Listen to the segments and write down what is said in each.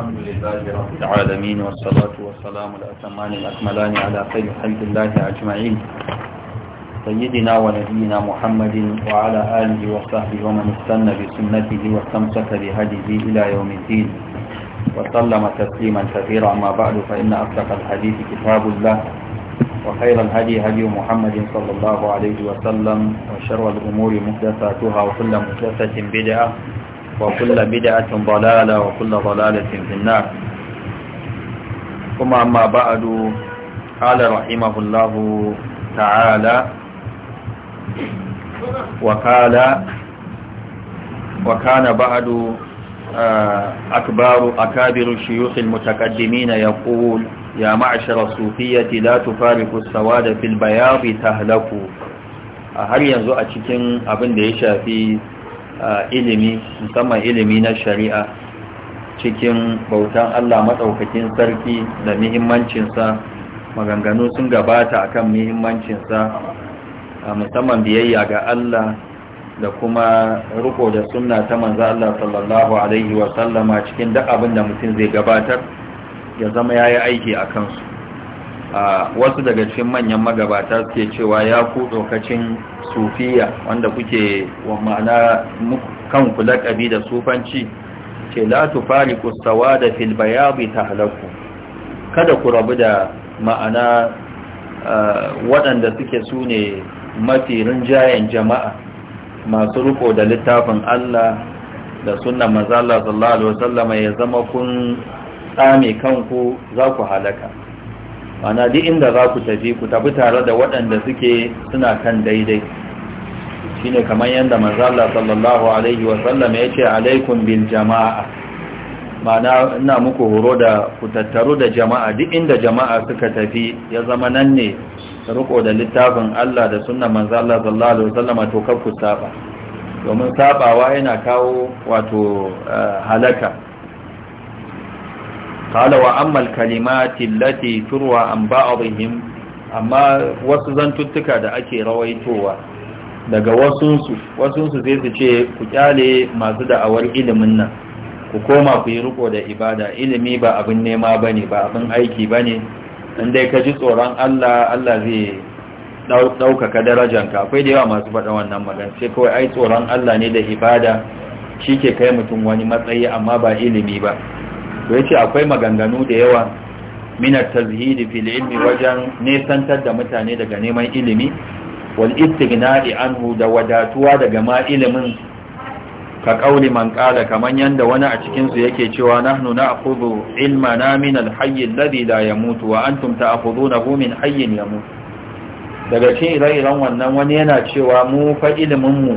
الحمد لله رب العالمين والصلاة والسلام الأتمان الأكملان على خير حمد الله أجمعين سيدنا ونبينا محمد وعلى آله وصحبه ومن استنى بسنته واستمسك بهديه إلى يوم الدين وسلم تسليما كثيرا ما بعد فإن أصدق الحديث كتاب الله وخير الهدي هدي محمد صلى الله عليه وسلم وشر الأمور محدثاتها وكل محدثة بدعة وكل بدعة ضلالة وكل ضلالة في النار ثم أما بعد قال رحمه الله تعالى وقال وكان بعد أكبر أكابر الشيوخ المتقدمين يقول يا معشر الصوفية لا تفارق السواد في البياض تهلكوا هل ينزو أتكين أبن ديشا في ilimi musamman ilimi na shari'a cikin bautan Allah matsaukakin sarki da muhimmancinsa maganganu sun gabata akan muhimmancinsa a musamman biyayya ga Allah da kuma riko da sunna ta manza Allah sallallahu alaihi wa cikin duk abin da mutum zai gabatar ya zama ya yi aiki a kansu. wasu daga cikin manyan magabata suke cewa ya ku tsokacin sufiya wanda kuke wa ma'ana kan ku laƙabi da sufanci ce la tufari kustawa da filbayabi ta halakku kada ku rabu da ma'ana waɗanda suke su ne mafi rinjayen jama'a masu riko da littafin Allah da suna mazala sallallahu alaihi wasallama ya zama kun tsame kanku za ku halaka ana duk inda za ku tafi ku tafi tare da waɗanda suke suna kan daidai shine kamar yadda manzala sallallahu alaihi wasallam ya ce alaikum bin jama'a Mana ina muku horo da ku tattaru da jama'a duk inda jama'a suka tafi ya zama nan ne riko da littafin Allah da suna manzala sallallahu alaihi wasallam to kar ku saba domin sabawa yana kawo wato eh, halaka قال وأما الكلمات التي تروى عن بعضهم amma wasu zantuttuka da ake rawaitowa daga wasunsu wasunsu zai su ce ku kyale masu da'awar ilimin nan ku koma ku yi riko da ibada ilimi ba abin nema ba ne ba abin aiki ba ne dai ka ji tsoron allah allah zai ɗaukaka darajanka akwai da yawa masu faɗa wannan magana sai kawai ai tsoron allah ne da ibada shi ke kai mutum wani matsayi amma ba ilimi ba ya ce akwai maganganu da yawa minar tazhidi fil ilmi wajen nesantar da mutane daga neman ilimi wal istighna'i anhu da wadatuwa daga ma ilimin ka kauli man kala kaman yanda wani a cikin su yake cewa nahnu na'khudhu ilmana min al-hayy alladhi la yamut wa antum ta'khudhunahu min hayyin yamut daga cikin ire-iren wannan wani yana cewa mu fa ilimin mu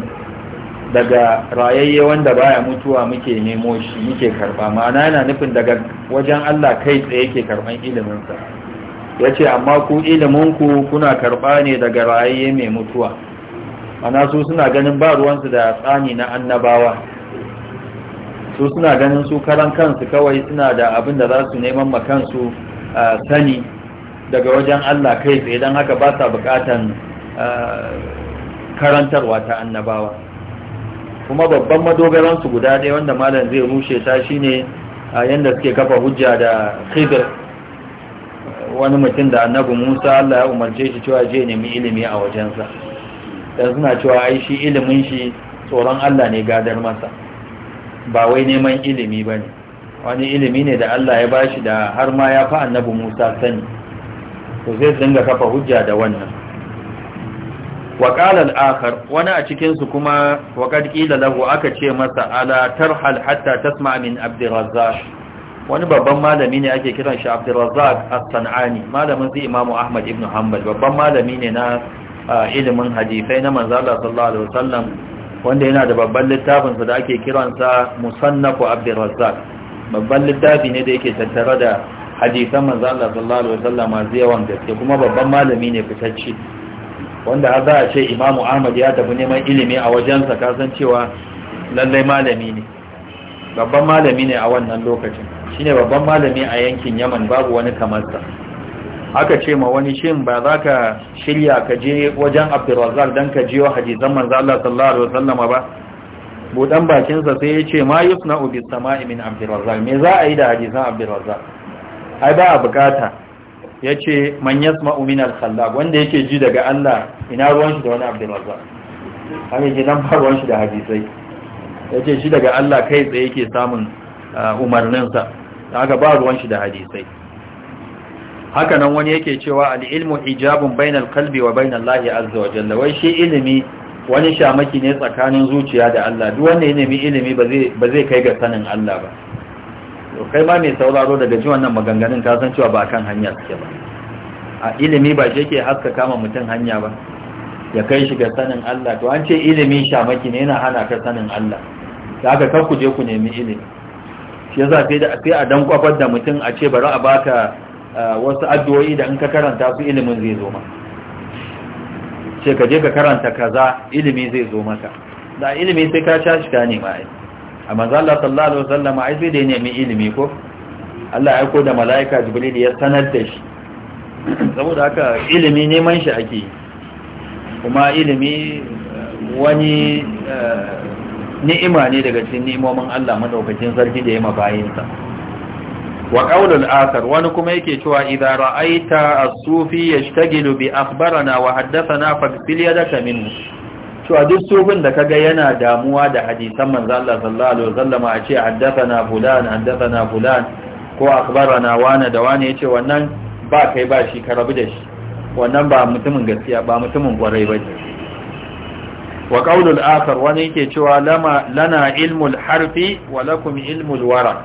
daga rayayye wanda baya mutuwa muke nemo shi muke karba ma'ana yana nufin daga wajen Allah kai tsaye yake karban iliminsa ya ce amma ku iliminku kuna karba ne daga rayayye mai mutuwa ana su suna ganin ba ruwansu da tsani na annabawa su suna ganin su karan kansu kawai suna da abin da za su neman kansu sani daga wajen Allah kai tsaye don haka ba sa bukatan karantarwa ta annabawa kuma babban madogaransu guda ɗaya wanda malam zai rushe ta shi ne a yadda suke kafa hujja da khidr wani mutum da annabi musa allah ya umarce shi cewa je nemi ilimi a wajensa dan suna cewa ai shi ilimin shi tsoron allah ne gadar masa ba wai neman ilimi ba ne wani ilimi ne da allah ya ba shi da har ma ya fa annabi musa sani to zai dinga kafa hujja da wannan wa akhar akar wani a cikinsu kuma waƙad ƙila lahu aka ce masa ala tarhal hatta tasma min wani babban malami ne ake kiran shi abdurrazzaq a sanani malamin zai imamu ahmad ibn hanbal babban malami ne na ilimin hadisai na manzo sallallahu alaihi wasallam wanda yana da babban littafinsa da ake kiransa musannafu abdurrazzaq babban littafi ne da yake tattare da hadisan manzo sallallahu alaihi wasallam zai yawan gaske kuma babban malami ne fitacce wanda har za a ce imamu ahmad ya tafi neman ilimi a wajensa kasancewa cewa lallai malami ne babban malami ne a wannan lokacin shine babban malami a yankin yaman babu wani kamarsa aka ce ma wani shin ba za ka shirya ka je wajen abdurrazzar don ka jiyo hadisan manzo Allah sallallahu alaihi wasallam ba budan bakinsa sai ya ce ma na bis sama'i min abdurrazzar me za a yi da Hadizan abdurrazzar ai ba a bukata ya ce man yasma al wanda yake ji daga Allah ina ruwan shi da wani abdul razzaq har nan ba ruwan shi da hadisai ya ce ji daga Allah kai tsaye ke samun uh, umarninsa da haka ba ruwan shi da hadisai haka nan wani yake cewa al-ilmu hijabun bainal qalbi wa bainal lahi azza wa wai shi ilimi wani shamaki ne tsakanin zuciya da Allah duk wanda ya ilimi ba zai kai ga sanin Allah ba to kai ma mai sauraro daga ji wannan maganganun ka san cewa ba kan hanya suke ba a ilimi ba shi yake haska kama mutum hanya ba ya kai shi ga sanin Allah to an ce ilimi shamaki ne yana hana ka sanin Allah da aka kar ku je ku nemi ilimi shi yasa sai da sai a dankwafar da mutum a ce bari a baka eh, wasu addu'o'i da in ka karanta su ilimin zai zo maka ce ka je ka karanta kaza ilimi zai zo maka da ilimi sai ka sha shi ka nema ai a manzala sallallahu sallama ai sai da ya nemi ilimi ko Allah ya aiko da mala'ika jibril ya sanar da shi saboda haka ilimi neman shi ake yi kuma ilimi eh, wani eh, ni'ima ne daga cikin ni'imomin Allah madaukakin sarki da ya mabayinsa wa qaulul akhar wani kuma yake cewa idza ra'aita as-sufi yashtagilu bi akhbarana wa haddathana fa bil yadaka minhu cewa duk sufin da kaga yana damuwa da hadisan manzo Allah sallallahu alaihi wasallama a ce haddathana fulan haddathana fulan ko akhbarana wana da wani yace wannan ba kai ba shi ka rabu da shi wannan ba mutumin gaskiya ba mutumin kwarai bane. wa qaulul akhar wani yake cewa lama lana ilmul harfi wa lakum ilmul wara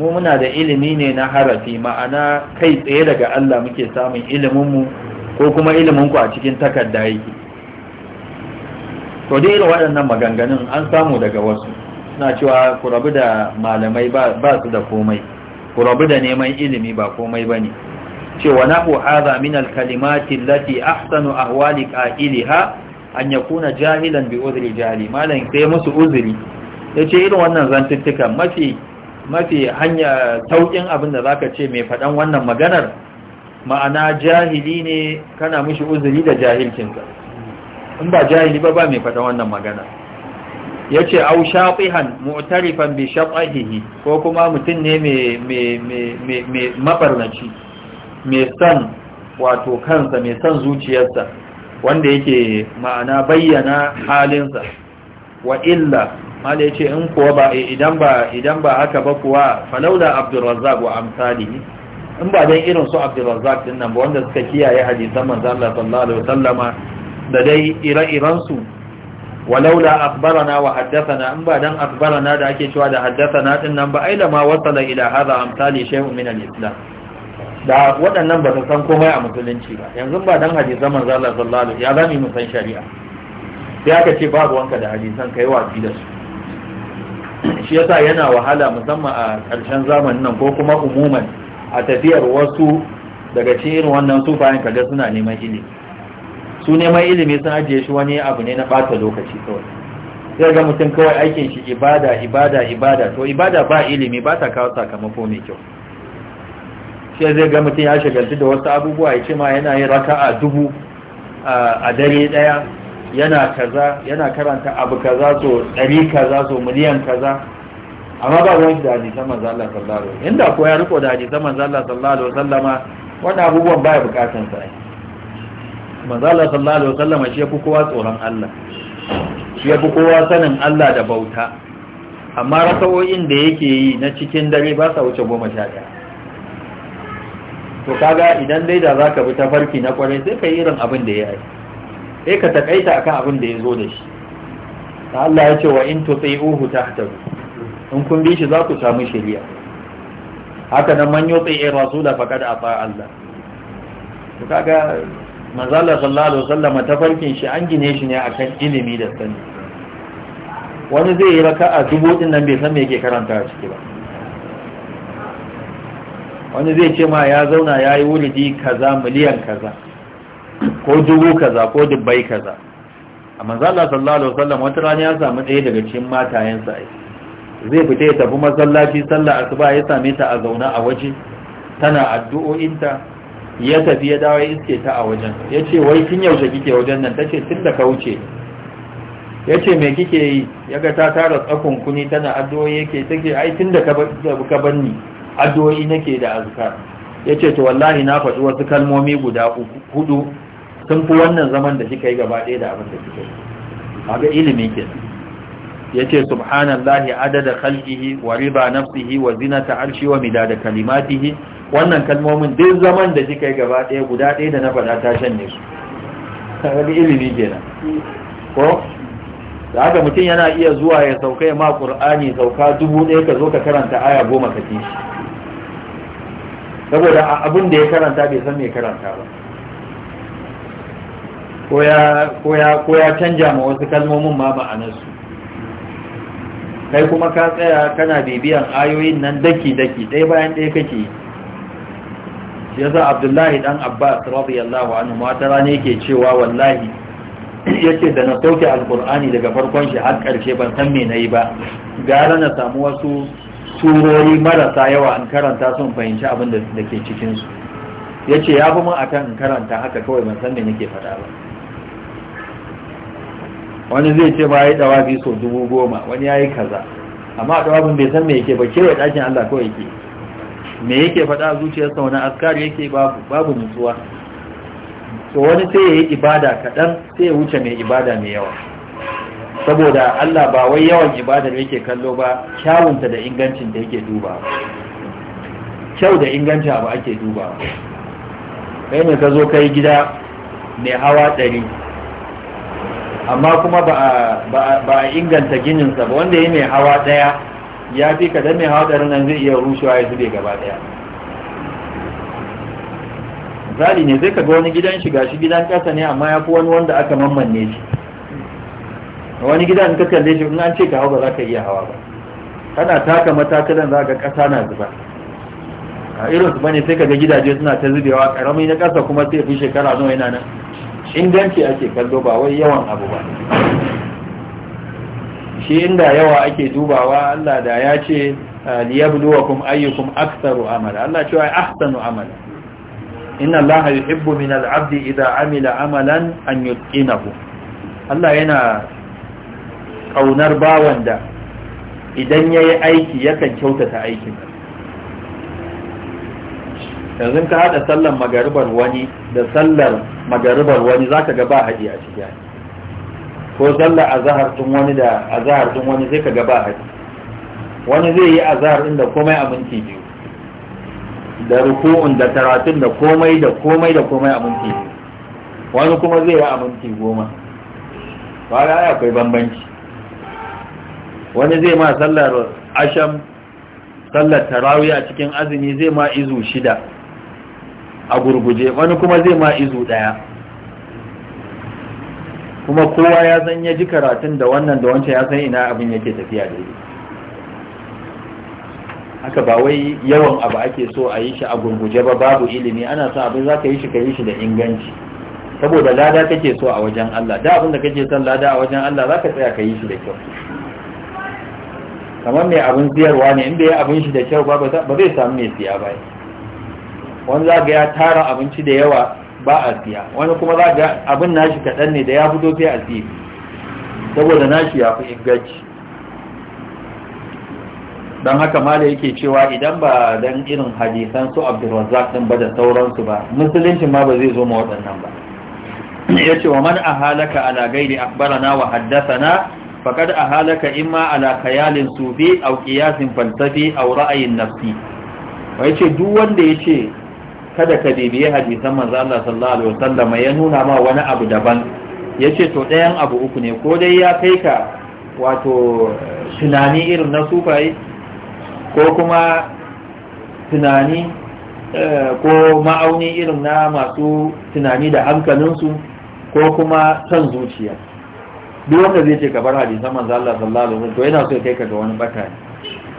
mu muna da ilimi ne na harafi ma'ana kai tsaye daga Allah muke samun ilimin mu ko kuma ilimin ku a cikin takarda yake to dai irin waɗannan maganganun an samu daga wasu suna cewa ku rabu da malamai ba su da komai ku rabu da neman ilimi ba komai ba ne cewa na ku haza min alkalimati lati ahsanu ahwali qa'iliha an yakuna jahilan bi udri jahili malam sai musu uzuri yace irin wannan zantuttukan mafi mafi hanya saukin abin da zaka ce mai faɗan wannan maganar ma'ana jahili ne kana mishi uzuri da jahilcinka in ba jahili ba ba mai faɗa wannan magana ya ce au shaƙihan mu'tarifan bi shaƙahihi ko kuma mutum ne mai mabarnaci mai san wato kansa mai san zuciyarsa wanda yake ma'ana bayyana halinsa wa illa mala yace in kuwa ba idan ba idan ba haka ba kuwa falaula abdurrazzaq wa amsali in ba dan irin su abdurrazzaq din nan ba wanda suka kiyaye hadisan manzo Allah sallallahu alaihi wasallama da dai ire-irensu walaula akbarana wa haddathana in ba dan akbarana da ake cewa da haddathana din nan ba ai lama wasala ila hadha amsali shay'un min al-islam da waɗannan ba su san komai a musulunci ba yanzu ba dan hadisan zaman Allah sallallahu ya zami mu san shari'a sai aka ce babu wanka da hadisan kai wa da su shi yasa yana wahala musamman a ƙarshen zamanin nan ko kuma umuman a tafiyar wasu daga cikin wannan bayan kaga suna neman ilimi su neman ilimi sun ajiye shi wani abu ne na bata lokaci kawai sai ga mutum kawai aikin shi ibada ibada ibada to ibada ba ilimi ba ta kawo sakamako mai kyau shi zai ga mutum ya shagaltu da wasu abubuwa ya ce ma yana yin raka a dubu a dare daya yana kaza yana karanta abu kaza so ɗari kaza so miliyan kaza amma ba ruwan da hadisan manzo Allah sallallahu alaihi wasallam inda ko ya riko da hadisan manzo Allah sallallahu alaihi wasallama wannan abubuwan baya ya sa ai manzala sallallahu alaihi wasallam shi yafi kowa tsoron Allah shi yafi kowa sanin Allah da bauta amma rasa'o'in da yake yi na cikin dare ba sa wuce goma sha ɗaya to kaga idan dai da zaka bi ta farki na kwarai sai ka yi irin abin da ya yi sai ka takaita akan abin da ya zo da shi Allah ya ce wa in to Uhu ta tahtadu in kun bi shi za ku samu shari'a haka nan man yuti rasula faqad a Allah to kaga manzala sallallahu alaihi wasallam farkin shi an gine shi ne akan ilimi da sani wani zai yi raka'a dubu din nan bai san me yake karanta a ciki ba wani zai ce ma ya zauna ya yi wuridi kaza miliyan kaza ko dubu kaza ko dubbai kaza a manzala sallallahu alaihi wasallam wata rana ya samu ɗaya daga cikin matayensa ai zai fita ya tafi masallaci sallah asuba ya same ta a zauna a waje tana addu'o'inta ya tafi ya dawo iske ta a wajen ya ce wai tun yaushe kike wajen nan ta ce tun da ka wuce ya ce mai kike yi ya ga ta tara tsakon kuni tana addu'o'i yake Ta ce ai tun da ka bar ni addu'o'i nake da azkar ya ce to wallahi na faɗi wasu kalmomi guda hudu sun fi wannan zaman da kika yi gaba ɗaya da abin da kika yi a ga ilimin kenan Ya yace subhanallahi adada khalqihi wa riba nafsihi wa zinata arshi wa midada kalimatihi wannan kalmomin duk zaman da kika yi gaba ɗaya guda ɗaya da na faɗa ta shanye su wani ilimi kenan ko da haka mutum yana iya zuwa ya sauka ya ma qur'ani sauka dubu ɗaya ka zo ka karanta aya goma ka ci shi saboda abin da ya karanta bai san me karanta ba ko ya canja ma wasu kalmomin ma ma'anarsu kai kuma ka tsaya kana bibiyan ayoyin nan daki-daki ɗaya bayan ɗaya kake yi yasa abdullahi dan abbas radiyallahu anhu mata rana yake cewa wallahi yace da na sauke alkur'ani daga farkon shi har karshe ban san me nayi ba gara na samu wasu turori marasa yawa an karanta sun fahimci abin da ke cikinsu. su yace ya fi mun akan in karanta haka kawai ban san me nake faɗa ba wani zai ce ba ya yi dawafi sau dubu goma wani ya yi kaza amma dawafin bai san me yake ba kewaye ɗakin Allah kawai ke me yake faɗa a zuciyarsa wani askari yake babu nutsuwa to wani sai ya yi ibada kaɗan sai ya wuce mai ibada mai yawa saboda Allah ba wai yawan ibadar yake kallo ba kyawunta da ingancin da yake duba kyau da inganci abu ake duba kai ne ka zo kai gida mai hawa ɗari amma kuma ba a inganta gininsa ba wanda ya mai hawa daya ya fi kadan mai hawa da nan zai iya rushewa ya zube gaba daya misali ne zai kaga wani gidan shiga shi gidan kasa ne amma ya fi wani wanda aka mammanne shi wani gidan ka kalle shi in an ce ka hau ba za ka iya hawa ba kana taka matakalan za ka kasa na zuba a irin su bane sai kaga gidaje suna ta zubewa karami na kasa kuma sai fi shekara nawa yana nan inganci ake kallo ba wai yawan abu ba shi inda yawa ake dubawa Allah da ya ce ah, liyabluwakum ayyukum aktharu amala Allah ce, cewa ahsanu amala inna Allah yuhibbu min al-'abdi idha 'amila amalan an yutqinahu Allah yana kaunar bawan da idan yayi aiki yakan kyautata aikin yanzu ka hada sallar magaribar wani da sallar magaribar wani zaka ga ba haji a ciki ko sallar azhar tun wani da azhar tun wani sai ka ga ba haji wani zai yi azhar inda komai a minti biyu da ruku'un da taratun da komai da komai da komai a minti biyu wani kuma zai yi a minti goma ba ga akwai bambanci wani zai ma sallar asham sallar tarawi a cikin azumi zai ma izu shida a gurguje wani kuma zai ma izu ɗaya kuma kowa ya san ya ji karatun da wannan da wancan ya san ina abin yake tafiya da yi haka ba wai yawan abu ake so a yi shi a gurguje ba babu ilimi ana son abin za ka yi shi ka yi shi da inganci saboda lada kake so a wajen Allah da abin da kake son lada a wajen Allah za ka tsaya ka yi shi da kyau kamar mai abin siyarwa ne inda ya abin shi da kyau ba ba zai samu mai siya ba wani za ga ya tara abinci da yawa ba a siya wani kuma za ga abin nashi kaɗan ne da ya fito sai a siya saboda nashi ya fi inganci don haka mala yake cewa idan ba don irin hadisan su abdulrazak din ba da sauransu ba musulunci ma ba zai zo ma waɗannan ba ya ce wa man a halaka ala gairi akbarana wa haddasana fakar a halaka imma ala kayalin sufi au ƙiyasin falsafi au ra'ayin nafsi wa ya ce duk wanda ya ce kada ka bibiye hadisan manzo Allah sallallahu alaihi wasallam ya nuna ma wani abu daban yace to ɗayan abu uku ne ko dai ya kai ka wato tunani irin na sufaye ko kuma tunani eh, ko ma'auni irin na masu tunani da hankalinsu ko kuma son zuciya duk wanda zai ce ka bar hadisan manzo Allah sallallahu alaihi wasallam to yana so kai ka ga wani bata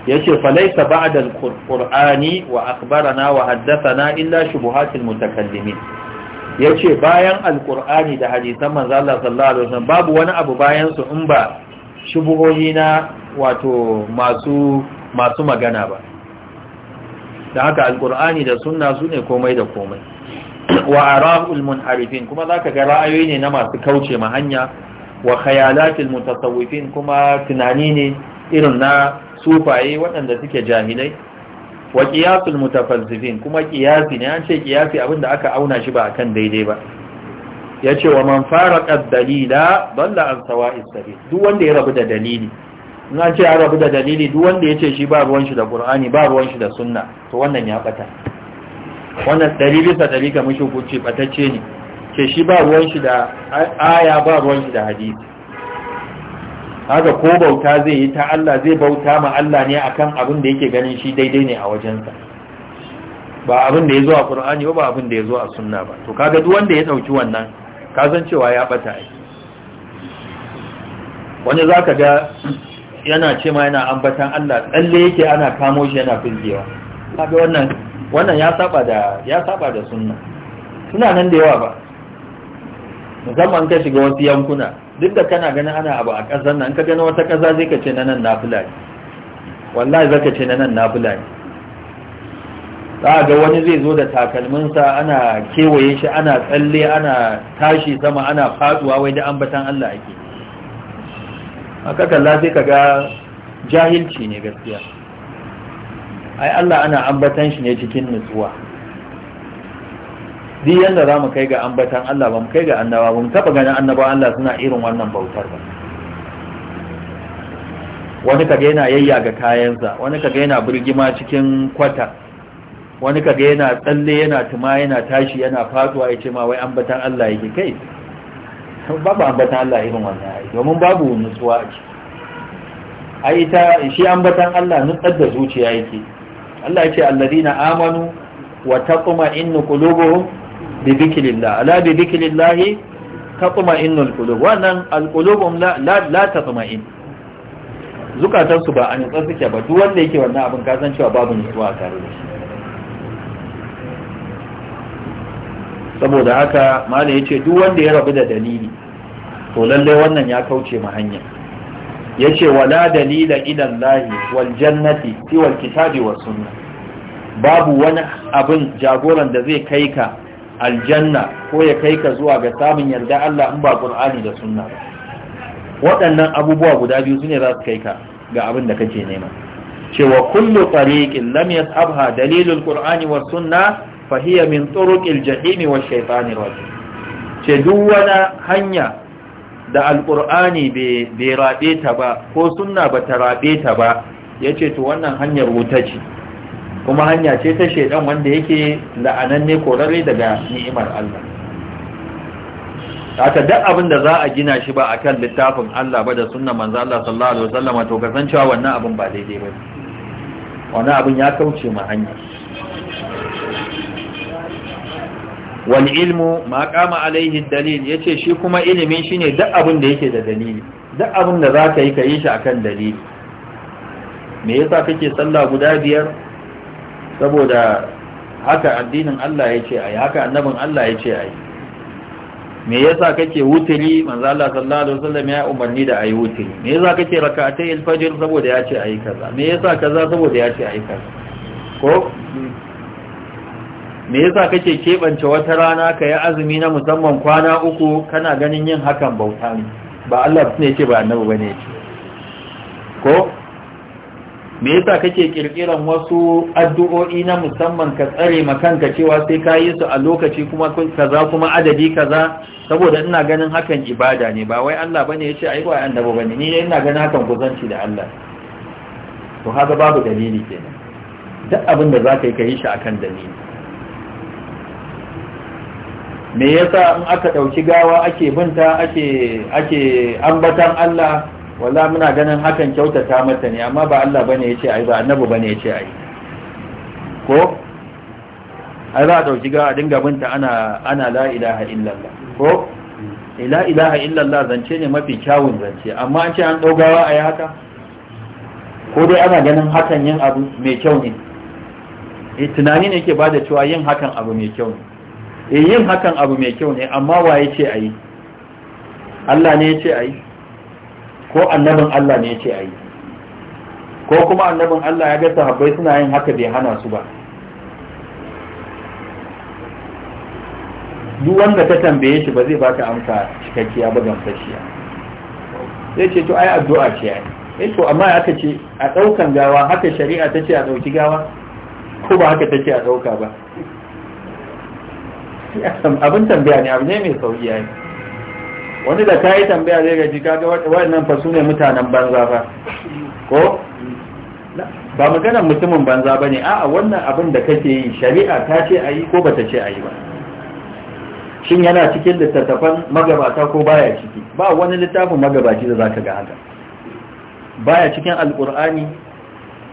yace falaisa ba'da alqur'ani wa akhbarana wa haddathana illa shubuhatil mutakallimin yace bayan alƙur'ani da hadisan manzo sallallahu alaihi babu wani abu bayan su in ba shubuhoyi na wato masu magana ba da haka alqur'ani da sunna sune komai da komai wa ara'ul munharifin kuma zaka ga ra'ayoyi ne na masu kauce ma hanya wa khayalatil mutasawwifin kuma tunani ne irin na sufaye waɗanda suke jahilai wa qiyasul mutafazzifin kuma ƙiyasi ne an ce ƙiyasi abinda aka auna shi ba akan daidai ba Ya ce wa man fara ad-dalila dalla an sawa'is sabil duk wanda ya rabu da dalili in an ce ya rabu da dalili duk wanda ya ce shi ba ruwan shi da qur'ani ba ruwan shi da sunna to wannan ya bata wannan dalili sa dalika mushi hukunci batacce ne ke shi ba ruwan shi da aya ba ruwan shi da hadisi haka ko bauta zai yi ta Allah zai bauta ma Allah ne akan abin da yake ganin shi daidai ne a wajensa ba abin da ya zo a Qur'ani ba abin da ya zo a sunna ba to kaga duk wanda ya dauki wannan ka san cewa ya bata ai wani zaka ga yana cewa yana ambatan Allah tsalle yake ana kamo shi yana fizgewa kaga wannan wannan ya saba da ya saba da sunna suna nan da yawa ba musamman ka shiga wasu yankuna duk da kana ganin ana abu a ƙasar nan ka gani wata ƙasa zai ka ce na nan nafula ne wallahi zaka ce na nan nafula ne za ga wani zai zo da takalminsa ana kewaye shi ana tsalle ana tashi sama ana faduwa wai da ambatan Allah ake aka kalla sai ga jahilci ne gaskiya ai Allah ana ambatan shi ne cikin nutsuwa duk yanda za mu kai ga ambatan Allah ba mu kai ga annaba ba mu taɓa ganin annaba Allah suna irin wannan bautar ba wani kaga yana ga kayansa wani kaga yana burgima cikin kwata wani kaga yana tsalle yana tuma yana tashi yana fatuwa ya ce ma wai ambatan Allah yake kai babu ambatan Allah irin wannan ai domin babu nutsuwa a ai ita shi ambatan Allah nutsar da zuciya yake Allah ya ce alladina amanu wa taquma innu qulubuhum bi dhikrillah ala bi dhikrillah tatma'innul qulub wannan alqulubum la la tatma'in zukatan su ba a nutsa suke ba duk wanda yake wannan abin ka san cewa babu nutsuwa a tare da shi saboda haka malai yace duk wanda ya rabu da dalili to lallai wannan ya kauce ma hanya yace wala dalila ila Allah wal jannati fi wal kitabi was sunna babu wani abin jagoran da zai kai ka aljanna ko ya kai ka zuwa ga samun yarda Allah in ba Qur'ani da sunna ba waɗannan abubuwa guda biyu sune za su kai ka ga abin da kake nema cewa kullu tariqin lam yasabha dalilul Qur'ani was sunna fa hiya min turuqil jahim wash shaytanir rajim ce duk wani hanya da alƙur'ani bai raɓe ta ba ko sunna ba ta raɓe ta ba ya ce to wannan hanyar wuta ce kuma hanya ce ta shaidan wanda yake la'ananne korarre daga ni'imar Allah haka duk abin da za a gina shi ba akan littafin Allah ba da sunnan manzo Allah sallallahu alaihi wasallam to kasancewa wannan abin ba daidai ba wannan abin ya kauce ma hanya wal ilmu ma qama alaihi dalil yace shi kuma ilimi shine duk abin da yake da dalili duk abin da za ka yi ka yi shi akan dalili me yasa kake sallah guda biyar saboda haka addinin Allah ya ce ai haka annabin Allah ya ce ai me yasa kake wutiri manzo Allah sallallahu alaihi wasallam ya umarni da ayi wutiri me yasa kake rak'atay al-fajr saboda ya ce ayi kaza me yasa kaza saboda ya ce ayi kaza ko me yasa kake kebance wata rana ka yi azumi na musamman kwana uku kana ganin yin hakan bauta ne ba Allah ne ce ba annabi bane yake ko me yasa kake kirkiran wasu addu'o'i na musamman ka tsare makanka cewa sai ka yi su a lokaci kuma kaza kuma adadi kaza saboda ina ganin hakan ibada ne ba wai Allah bane yace ai wai annabi bane ni ina ganin hakan kuzanci da Allah to haka babu dalili kenan duk abin da zaka yi ka yi shi akan dalili me yasa in aka dauki gawa ake binta ake ake ambatan Allah walla muna ganin hakan kyautata mata ne amma ba Allah bane yace ai ba annabi bane yace ai ko ai za a dauki ga dinga binta ana ana la ilaha illallah ko eh, la ilaha illallah zance ne mafi kyawun zance amma an ce an daugawa ai haka ko dai ana ganin hakan yin abu mai kyau ne eh tunani ne yake bada cewa yin hakan abu mai kyau ne eh yin hakan abu mai kyau ne amma waye ce ai Allah ne yace ai ko annabin Allah ne ya ce a yi ko kuma annabin Allah ya ga sahabbai suna yin haka bai hana su ba duk wanda ta tambaye shi ba zai baka amsa cikakkiya ba gamsashiya zai ce to ai addu'a ce ai eh to amma aka ce a daukan gawa haka shari'a ta ce a dauki gawa ko ba haka ta ce a dauka ba abin tambaya ne abu ne mai sauki yayi wani da ta yi tambaya zai gaji kaga waɗannan fasu ne mutanen banza ba ko ba maganar mutumin banza ba ne a wannan abin da kake yi shari'a ta ce a yi ko ba ta ce a yi ba shin yana cikin littattafan magabata ko baya ciki ba wani littafin magabaci da za ka ga haka baya cikin alkur'ani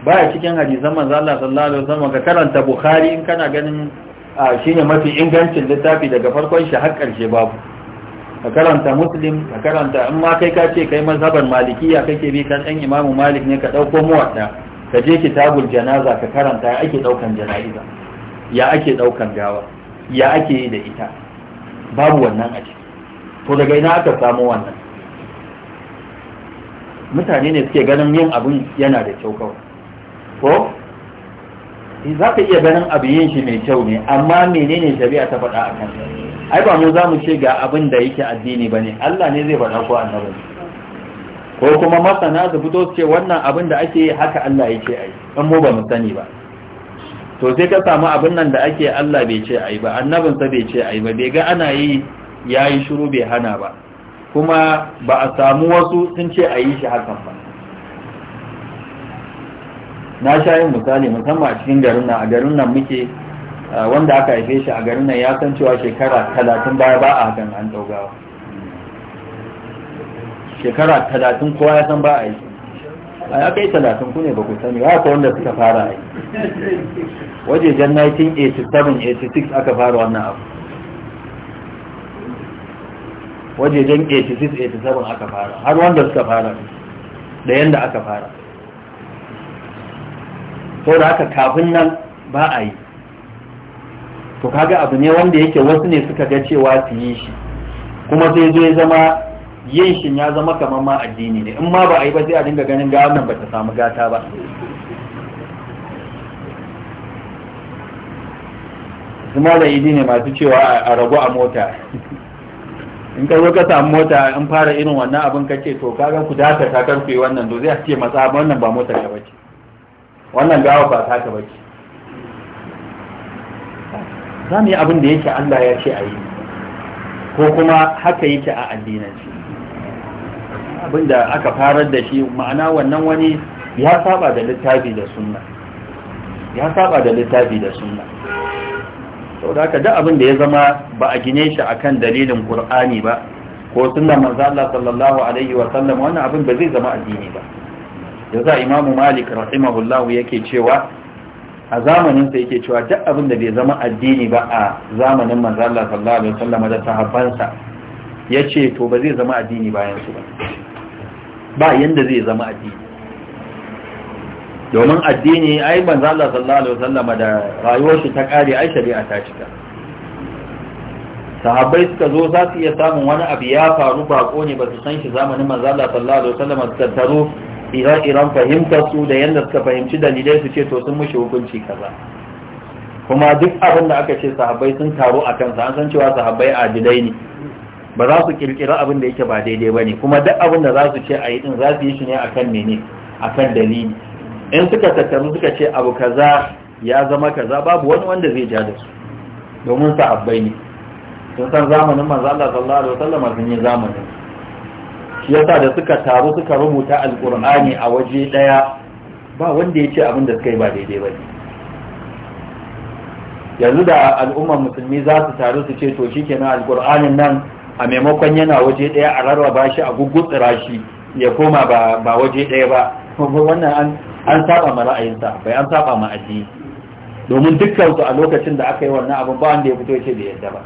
baya cikin hadisan manzo Allah sallallahu alaihi wasallam ka karanta bukhari in kana ganin shine mafi ingancin littafi daga farkon shi har karshe babu ka karanta muslim ka karanta in ma kai ka ce kai mazhabar malikiya kake bi kan ɗan imamu malik ne ka ɗauko muwadda ka je kitabul janaza ka karanta ya ake ɗaukan jana'iza ya ake ɗaukan gawa ya ake yi da ita babu wannan a ciki to daga ina aka samu wannan mutane ne suke ganin yin abin yana da kyau kawai ko za ka iya ganin abu yin shi mai kyau ne amma menene shari'a ta faɗa a kansa ai ba mu za mu ce ga abin da yake addini ba ne Allah ne zai faɗa ko annabi ko kuma masana su fito su ce wannan abin da ake haka Allah yake ai in mu ba mu sani ba to sai ka samu abin nan da ake Allah bai ce ai ba sa bai ce ai ba bai ga ana yi yayi shiru bai hana ba kuma ba a samu wasu sun ce ayi shi hakan ba na sha yin misali musamman a cikin garin nan a garin nan muke wanda aka haife shi a garin nan ya san cewa shekara talatin baya ba a hakan an ɗaugawa shekara talatin kowa ya san ba a yi a ya kai talatin ku ne ba ku sani ka wanda suka fara a yi wajejen 1987-86 aka fara wannan abu wajejen 86-87 aka fara har wanda suka fara da yadda aka fara saboda haka kafin nan ba a yi to kaga abu ne wanda yake wasu ne suka ga cewa su yi shi kuma sai zo ya zama yin shi ya zama kamar ma addini ne in ma ba a yi ba sai a dinga ganin ga ba ta samu gata ba zuma da idi ne masu cewa a ragu a mota in ka zo ka samu mota in fara irin wannan abin ka ce to kaga ku dakata kar ku yi wannan to zai ce masa wannan ba motar ka bace wannan gawa ba ta ba ce za mu yi abin da yake Allah ya ce a yi ko kuma haka yake a addinanci abin da aka farar da shi ma'ana wannan wani ya saba da littafi da sunna ya saba da littafi da sunna sau da haka duk abin da ya zama ba a gine shi akan dalilin Kur'ani ba ko sunan manzo sallallahu alaihi wa sallam wannan abin ba zai zama addini ba yasa imamu malik rahimahullahu yake cewa a zamaninsa sa yake cewa duk abin da bai zama addini ba a zamanin manzo Allah sallallahu alaihi wasallam da sahabbansa yace to ba zai zama addini bayan su ba ba yanda zai zama addini domin addini ai manzo Allah sallallahu alaihi wasallam da rayuwar shi ta kare ai shari'a ta cika sahabbai suka zo za su iya samun wani abu ya faru bako ne ba su san shi zamanin manzo Allah sallallahu alaihi wasallam tattaro ire-iren fahimtar su da yadda suka fahimci dalilai su ce to sun mushi hukunci kaza kuma duk abin da aka ce sahabbai sun taru a kansa an san cewa sahabbai adilai ne ba za su kirkira abin da yake ba daidai ba ne kuma duk abin da za su ce a yi din za su yi shi ne akan mene akan dalili in suka tattaru suka ce abu kaza ya zama kaza babu wani wanda zai ja da su domin sahabbai ne sun san zamanin manzo Allah sallallahu alaihi wasallam sun yi zamanin yasa da suka taru suka rubuta alkur'ani a waje daya ba wanda ya ce abin da suka yi ba daidai ba yanzu da al'ummar musulmi za su taru su ce to shi kenan alkur'anin nan a maimakon yana waje daya a rarraba shi a gugutsira shi ya koma ba waje daya ba wannan an saba ma ra'ayinsa bai an saba ma addini domin dukkan su a lokacin da aka yi wannan abin ba wanda ya fito ya ce bai yadda ba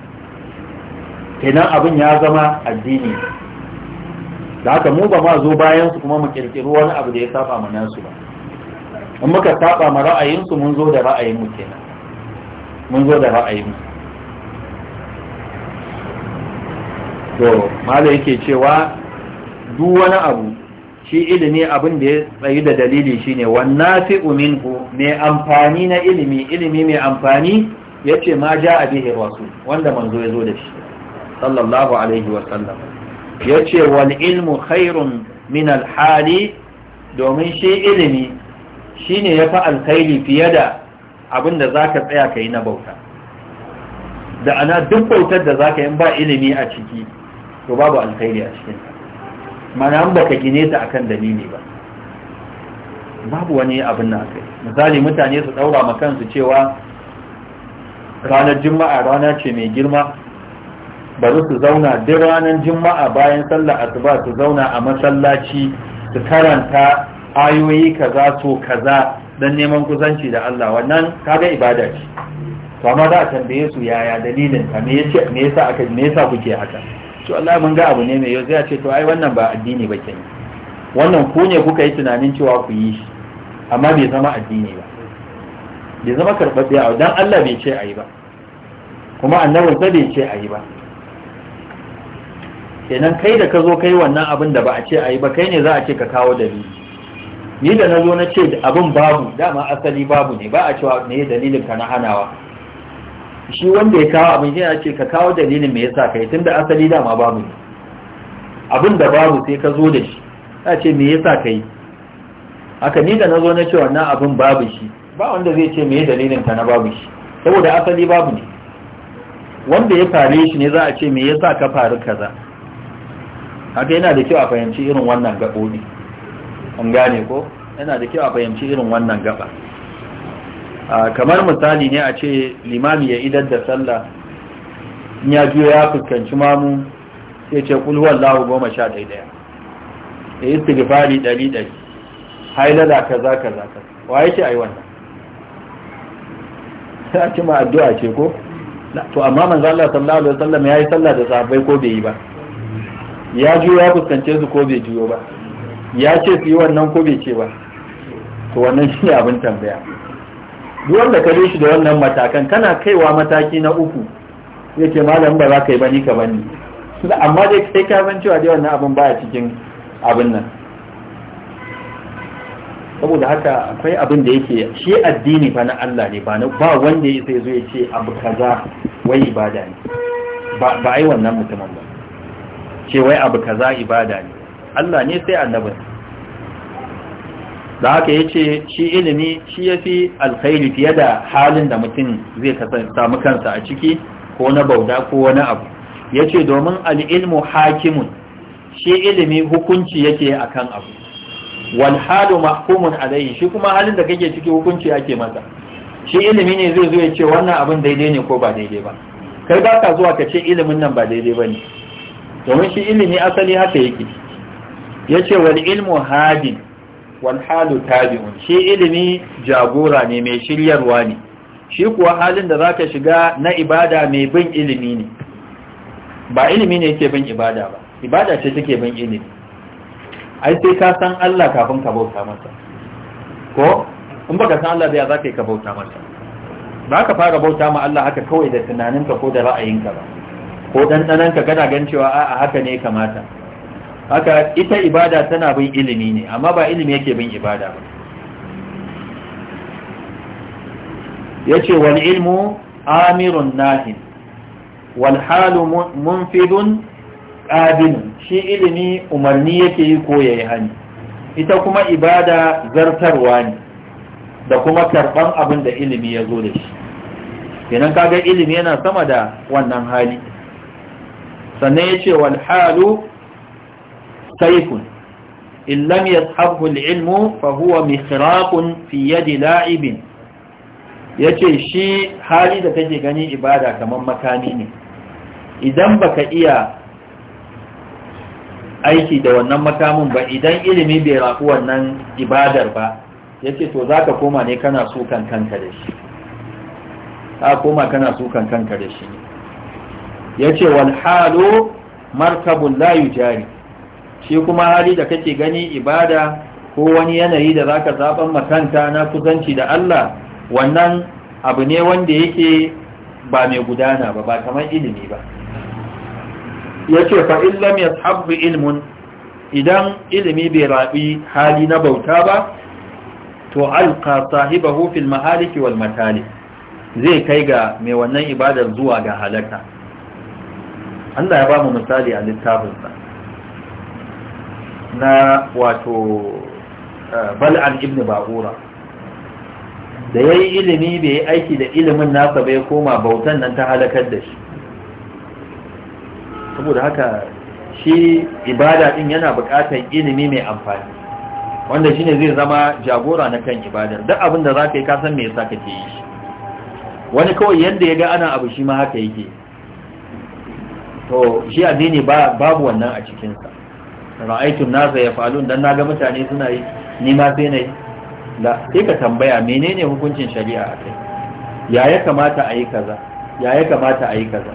kenan abin ya zama addini da haka mu ba ma zo bayan su kuma mu kirkiri wani abu da ya saba mana su ba in muka saba ma ra'ayin su mun zo da ra'ayin mu kenan mun zo da ra'ayin mu to mala yake cewa duk wani abu shi ilimi abin da ya tsayi da dalili shine wannan fi'u minhu mai amfani na ilimi ilimi mai amfani yace ma ja'a bihi rasul wanda manzo ya zo da shi sallallahu alaihi wa sallam ya ce wal ilmu khairun min alhali domin shi ilimi shi ne ya fi alkhairi fiye da abin da za ka tsaya ka yi na bauta da ana duk bautar da za ka yi ba ilimi a ciki to babu alkhairi a cikin mana an baka gine ta akan dalili ba babu wani abin na kai misali mutane su daura ma kansu cewa ranar juma'a rana ce mai girma bari su zauna duk ranar juma'a bayan sallar asuba su zauna a masallaci su karanta ayoyi kaza so kaza don neman kusanci da Allah wannan kaga ibada ce to amma za a tambaye su yaya dalilin ka me yace me yasa aka me yasa kuke haka to Allah mun ga abu ne mai yau zai ce to ai wannan ba addini ba kenan wannan ku ne kuka yi tunanin cewa ku yi shi amma bai zama addini ba bai zama karɓaɓɓe a dan Allah bai ce ayi ba kuma annabi sa bai ce ayi ba kenan kai da ka zo kai wannan abin da ba a ce a yi ba kai ne za a ce ka kawo dalili ni da na zo na ce abin babu dama asali babu ne ba a cewa ne dalilin ka na hanawa shi wanda ya kawo abin yana ce ka kawo dalilin me yasa kai tunda asali dama babu ne abin da babu sai ka zo da shi ya ce me yasa kai haka ni da na zo na ce wannan abin babu shi ba wanda zai ce me dalilin ka na babu shi saboda asali babu ne wanda ya fare shi ne za a ce me yasa ka faru kaza haka yana da kyau a fahimci irin wannan gaɓoɓi an gane ko yana da kyau a fahimci irin wannan gaɓa. kamar misali ne a ce limami ya idar da sallah in ya biyo ya fuskanci mamu sai ce kulhuwan lahu goma sha ɗaiɗaya da istighfari ɗari ɗari hailala kaza kaza ka wa yake yi wannan Ya ce ma addu'a ce ko to amma manzo Allah sallallahu alaihi ya yi sallah da sahabbai ko bai yi ba ya juyo ya fuskance su ko bai juyo ba ya ce su yi wannan ko bai ce ba to wannan shi abin tambaya duk wanda ka shi da wannan matakan kana kaiwa mataki na uku ya ce malam ba za ka yi bani ka bani amma dai kai ka san cewa dai wannan abin baya cikin abin nan saboda haka akwai abin da yake shi addini fa na Allah ne ba ba wanda ya sai zo ya ce abu kaza wai ibada ne ba ai wannan mutumin ba ce wai abu kaza ibada ne Allah ne sai annabin da haka ya ce shi ilimi shi ya fi alkhairi fiye da halin da mutum zai samu kansa a ciki ko na bauta ko wani abu ya ce domin al'ilmu hakimun shi ilimi hukunci yake akan abu wal halu mahkumun alayhi shi kuma halin da kake ciki hukunci ake masa shi ilimi ne zai zo ya ce wannan abin daidai ne ko ba daidai ba kai ba ka zuwa ka ce ilimin nan ba daidai ba ne domin shi ilimi asali haka yake ce Wani ilmu hadin Wani halu tabi'un shi ilimi jagora ne mai shiryarwa ne shi kuwa halin da za ka shiga na ibada mai bin ilimi ne ba ilimi ne yake bin ibada ba ibada ce take bin ilimi ai sai ka san Allah kafin ka bauta masa ko in baka san Allah da ka yi ka bauta masa ba ka fara bauta ma Allah haka kawai da tunaninka ko da ra'ayinka ba ko ɗanɗanan ka gana gan cewa a haka ne kamata haka ita ibada tana bin ilimi ne amma ba ilimi yake bin ibada ba ya ce wal ilmu amirun nahin wal halu munfidun ƙadinun shi ilimi umarni yake yi ko ya hani ita kuma ibada zartarwa ne da kuma karɓan abin da ilimi ya zo da shi kenan kaga ilimi yana sama da wannan hali sannan ya ce wal halu saifun in lam yashabhu al-ilmu fa huwa mihraqun fi yadi la'ibin yace shi hali da take gani ibada kamar makami ne idan baka iya aiki da wannan makamin ba idan ilimi bai raku wannan ibadar ba yace to zaka koma ne kana sukan kanka da shi a koma kana sukan kanka da shi yace wal halu martabun la jari, shi kuma hali da kake gani ibada ko wani yanayi da za ka zaban makanta na kusanci da Allah wannan abu ne wanda yake ba mai gudana ba ba kamar ilimi ba Ya ce fa illam sabbi ilmun idan ilimi bai rabi hali na bauta ba to alka sahiba hufin mahaliki wal matali zai kai ga mai wannan ibadar zuwa ga halaka Allah ya ba mu misali a littafinsa na wato eh, bal'an ibn ba'ura da ya yi ilimi bai yi aiki da ilimin nasa bai koma bautan nan ta halakar da shi saboda haka shi ibada din yana buƙatar ilimi mai amfani wanda shine zai zama jagora na kan ibadar duk abin da za ka yi kasan me yasa kake yi shi wani kawai yadda ya ga ana abu shi ma haka yake to shi addini babu wannan a cikinsa ra'aitun nasa ya falun dan naga mutane suna yi ni ma sai na yi sai ka tambaya menene hukuncin shari'a a kai ya ya kamata a yi kaza ya ya kamata a yi kaza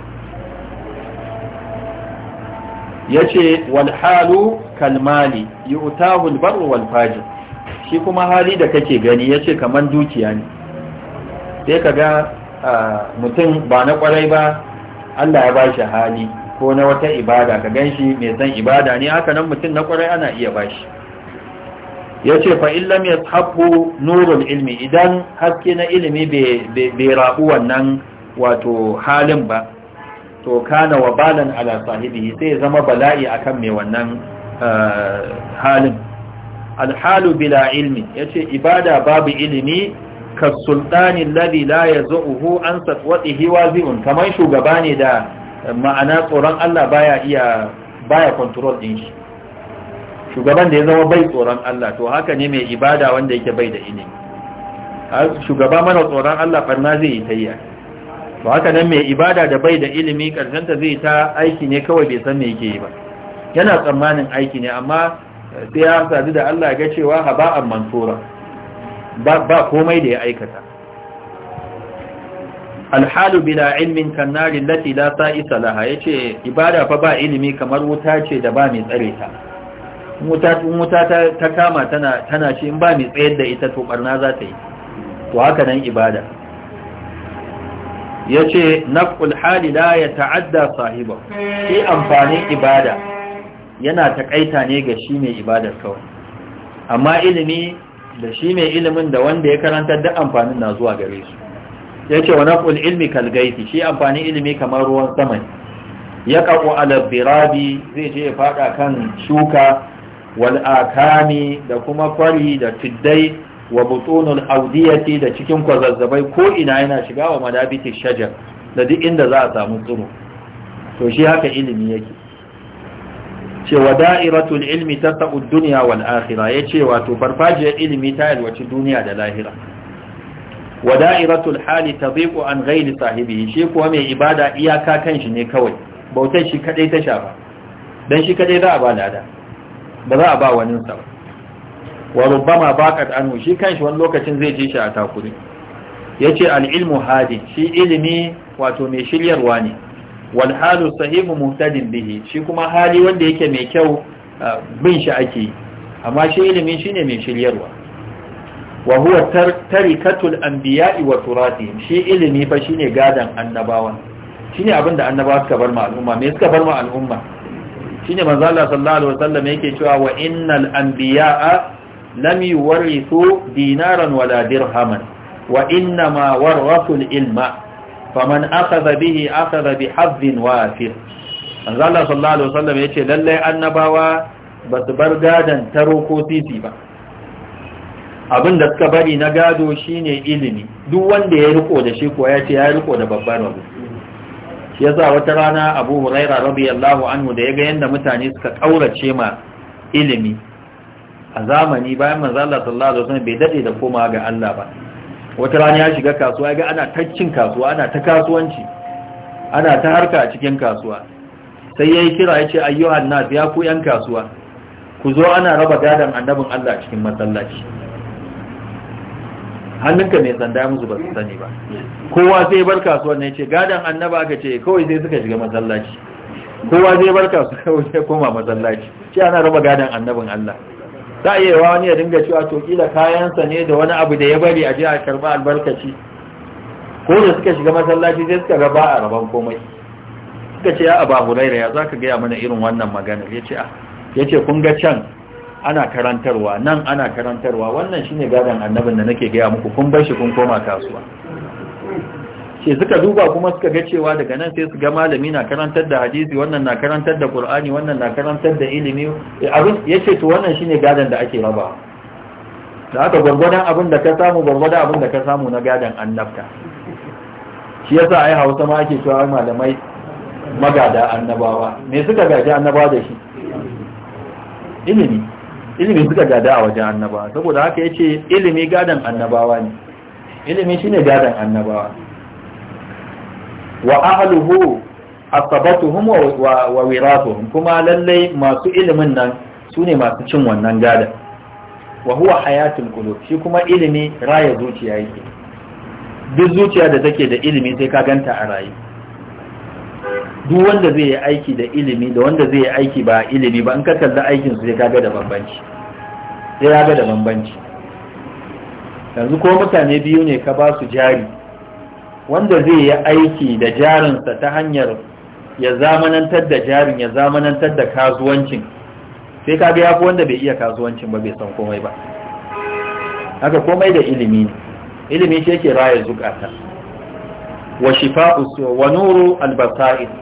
ya ce walhalu kalmali yi utahul barru walfajin shi kuma hali da kake gani ya ce kamar dukiya ne sai ka ga mutum ba na kwarai ba Allah ya bashi hali ko na wata ibada ka ganshi mai san ibada ne haka nan mutum na kwarai ana iya bashi ya ce fa ya tabu nurul ilmi idan haske na ilimi bai rabu wannan wato halin ba to kana wa balan ala sahibihi sai zama bala'i akan mai wannan eh, halin alhalu bila ilmi yace ibada babu ilimi ka sultani alladhi la yazuhu an hiwa zi'un kamar shugaba ne da ma'ana tsoron Allah baya iya baya control din shi shugaban da ya zama bai tsoron Allah to haka ne mai ibada wanda yake bai da ilimi shugaba mana tsoron Allah farna zai yi tayya to haka nan mai ibada da bai da ilimi karshenta zai ta aiki ne kawai bai san me yake yi ba yana tsammanin aiki ne amma sai ya sadu da Allah ya ga cewa haba'an mansura ba komai da ya aikata alhalu bila ilmin kannari lati la ta'isa laha ce ibada fa ba ilimi kamar wuta ce da ba mai tsare ta wuta wuta ta kama tana tana ce in ba mai tsayar da ita to barna za ta yi to haka nan ibada yace naf'ul hali la yata'adda sahiba shi amfanin ibada yana takaita ne ga shi mai ibadar kawai amma ilimi da shi mai ilimin da wanda ya karanta duk amfanin na zuwa gare su ce, wa naf'ul ilmi kal shi amfanin ilimi kamar ruwan saman ya qaqu alabirabi zai je ya faɗa kan shuka wal akami da kuma kwari da tuddai wa butunul awdiyati da cikin kwazazzabai ko ina yana shiga wa madabiti shajar da duk inda za a samu tsiro to shi haka ilimi yake cewa da'iratul ilmi ta duniya wal akhirah yace wato farfajiyar ilimi ta yalwaci duniya da lahira wa da'iratul hali ku an ghairi sahibihi shi kuwa mai ibada iyaka kanshi ne kawai bautai shi kadai ta shafa dan shi kadai za a ba lada ba za a ba wani sa ba wa rubbama baqat anhu shi kanshi wani lokacin zai ji shi a takuri yace al ilmu hadi shi ilimi wato mai shiryarwa ne wal halu sahibu muhtadin bihi shi kuma hali wanda yake mai kyau ah, bin shi ake amma shi ilimi shine mai shiryarwa wa huwa tarikatul anbiya'i wa turatihim shi ilimi fa shine gadan annabawan shine abinda annabawa suka bar ma al'umma me suka bar ma al'umma shine manzo Allah sallallahu alaihi wasallam yake cewa wa innal anbiya'a lam yuwarithu dinaran wala dirhaman wa inna ma warathu al-ilma faman akhadha bihi akhadha bihadhin wafir manzo Allah sallallahu alaihi wasallam yace lalle annabawa ba su bar gadan taro ko titi ba abin da suka bari na gado shine ilimi duk wanda ya riko da shi ko ya ce ya riko da babban rabu shi yasa wata rana Abu Huraira yallahu anhu da ga yanda mutane suka ƙaurace ma ilimi a zamani bayan manzo sallallahu alaihi bai dade da koma ga Allah ba wata rana ya shiga kasuwa ya ga ana ta cin kasuwa ana ta kasuwanci ana ta harka a cikin kasuwa sai yayi kira yace ayyuhan nas ya ku yan kasuwa ku zo ana raba gadon annabin Allah cikin masallaci hannunka mai sanda musu ba su sani ba kowa sai bar kasuwar ne ce gadan annaba aka ce kawai sai suka shiga masallaci kowa zai bar kasuwar ne sai koma masallaci ce ana raba gadon annabin Allah za a yi wani ya dinga cewa to kila kayansa ne da wani abu da ya bari a je a karba albarkaci ko da suka shiga masallaci sai suka raba a raban komai suka ce ya abu huraira ya ka gaya mana irin wannan magana ah, ya ce kun ga can ana karantarwa nan ana karantarwa wannan shine gadon annabin da nake gaya muku kun bar shi kun koma kasuwa ce suka duba kuma suka ga cewa daga nan sai su ga malami na karantar da hadisi wannan na karantar da qur'ani wannan na karantar da ilimi abin yace to wannan shine gadon da ake raba da aka gwargwadon abin da ka samu gwargwadon abin da ka samu na gadon annabta shi yasa ai Hausa ma ake cewa malamai magada annabawa me suka gaji annabawa da shi ilimi ilimi suka gada a wajen annabawa saboda haka yace ilimi gadan annabawa ne ilimi shine gadan annabawa wa ahluhu asabatuhum wa wirathuhum kuma lallai masu ilimin nan sune masu cin wannan gada wa huwa hayatul qulub shi kuma ilimi raya zuciya yake duk zuciya da take da ilimi sai ka ganta a rayu. duk wanda zai yi aiki da ilimi da wanda zai yi aiki ba ilimi ba in ka kalli aikin su sai kaga da bambanci sai kaga da bambanci yanzu ko mutane biyu ne ka ba su jari wanda zai yi aiki da jarinsa ta hanyar ya zamanantar da jarin ya zamanantar da kasuwancin sai kaga ya fi wanda bai iya kasuwancin ba bai san komai ba haka komai da ilimi ne ilimi shi yake raya zukata wa shifa'u wa nuru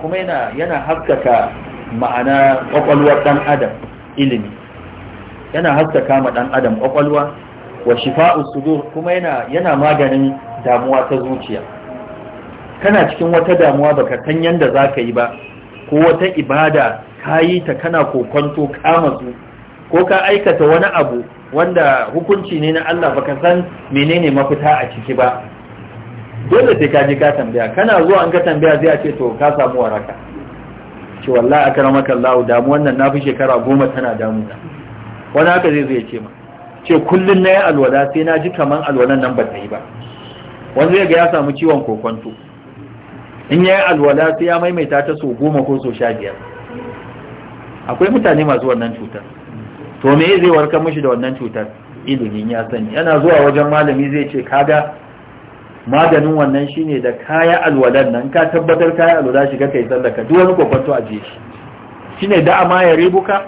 kuma yana yana haskaka ma'ana kwakwalwar dan adam ilimi yana haskaka ma dan adam kwakwalwa wa shifa'u sudur kuma yana yana maganin damuwa ta zuciya kana cikin wata damuwa baka san yanda zaka yi ba ko wata ibada kayi ta kana kokonto kamasu, ko ka aikata wani abu wanda hukunci ne na Allah baka san menene mafita a ciki ba dole sai ka je ka tambaya kana zuwa an ka tambaya zai ce to ka samu waraka ce wallahi akramaka Allah damu wannan na fi shekara goma tana damu wani haka zai zai ce ma ce kullun na yi alwala sai na ji kaman alwalan nan ba ta yi ba wani zai ga ya samu ciwon kokonto in ya yi alwala sai ya maimaita ta so goma ko so sha biyar akwai mutane masu wannan cutar to me zai warkar mishi da wannan cutar ilimin ya sani yana zuwa wajen malami zai ce kaga maganin wannan shine da kaya alwalan nan ka tabbatar kaya alwala shiga kai sallaka duk wani kokonto a je shi shine da ma ya ribuka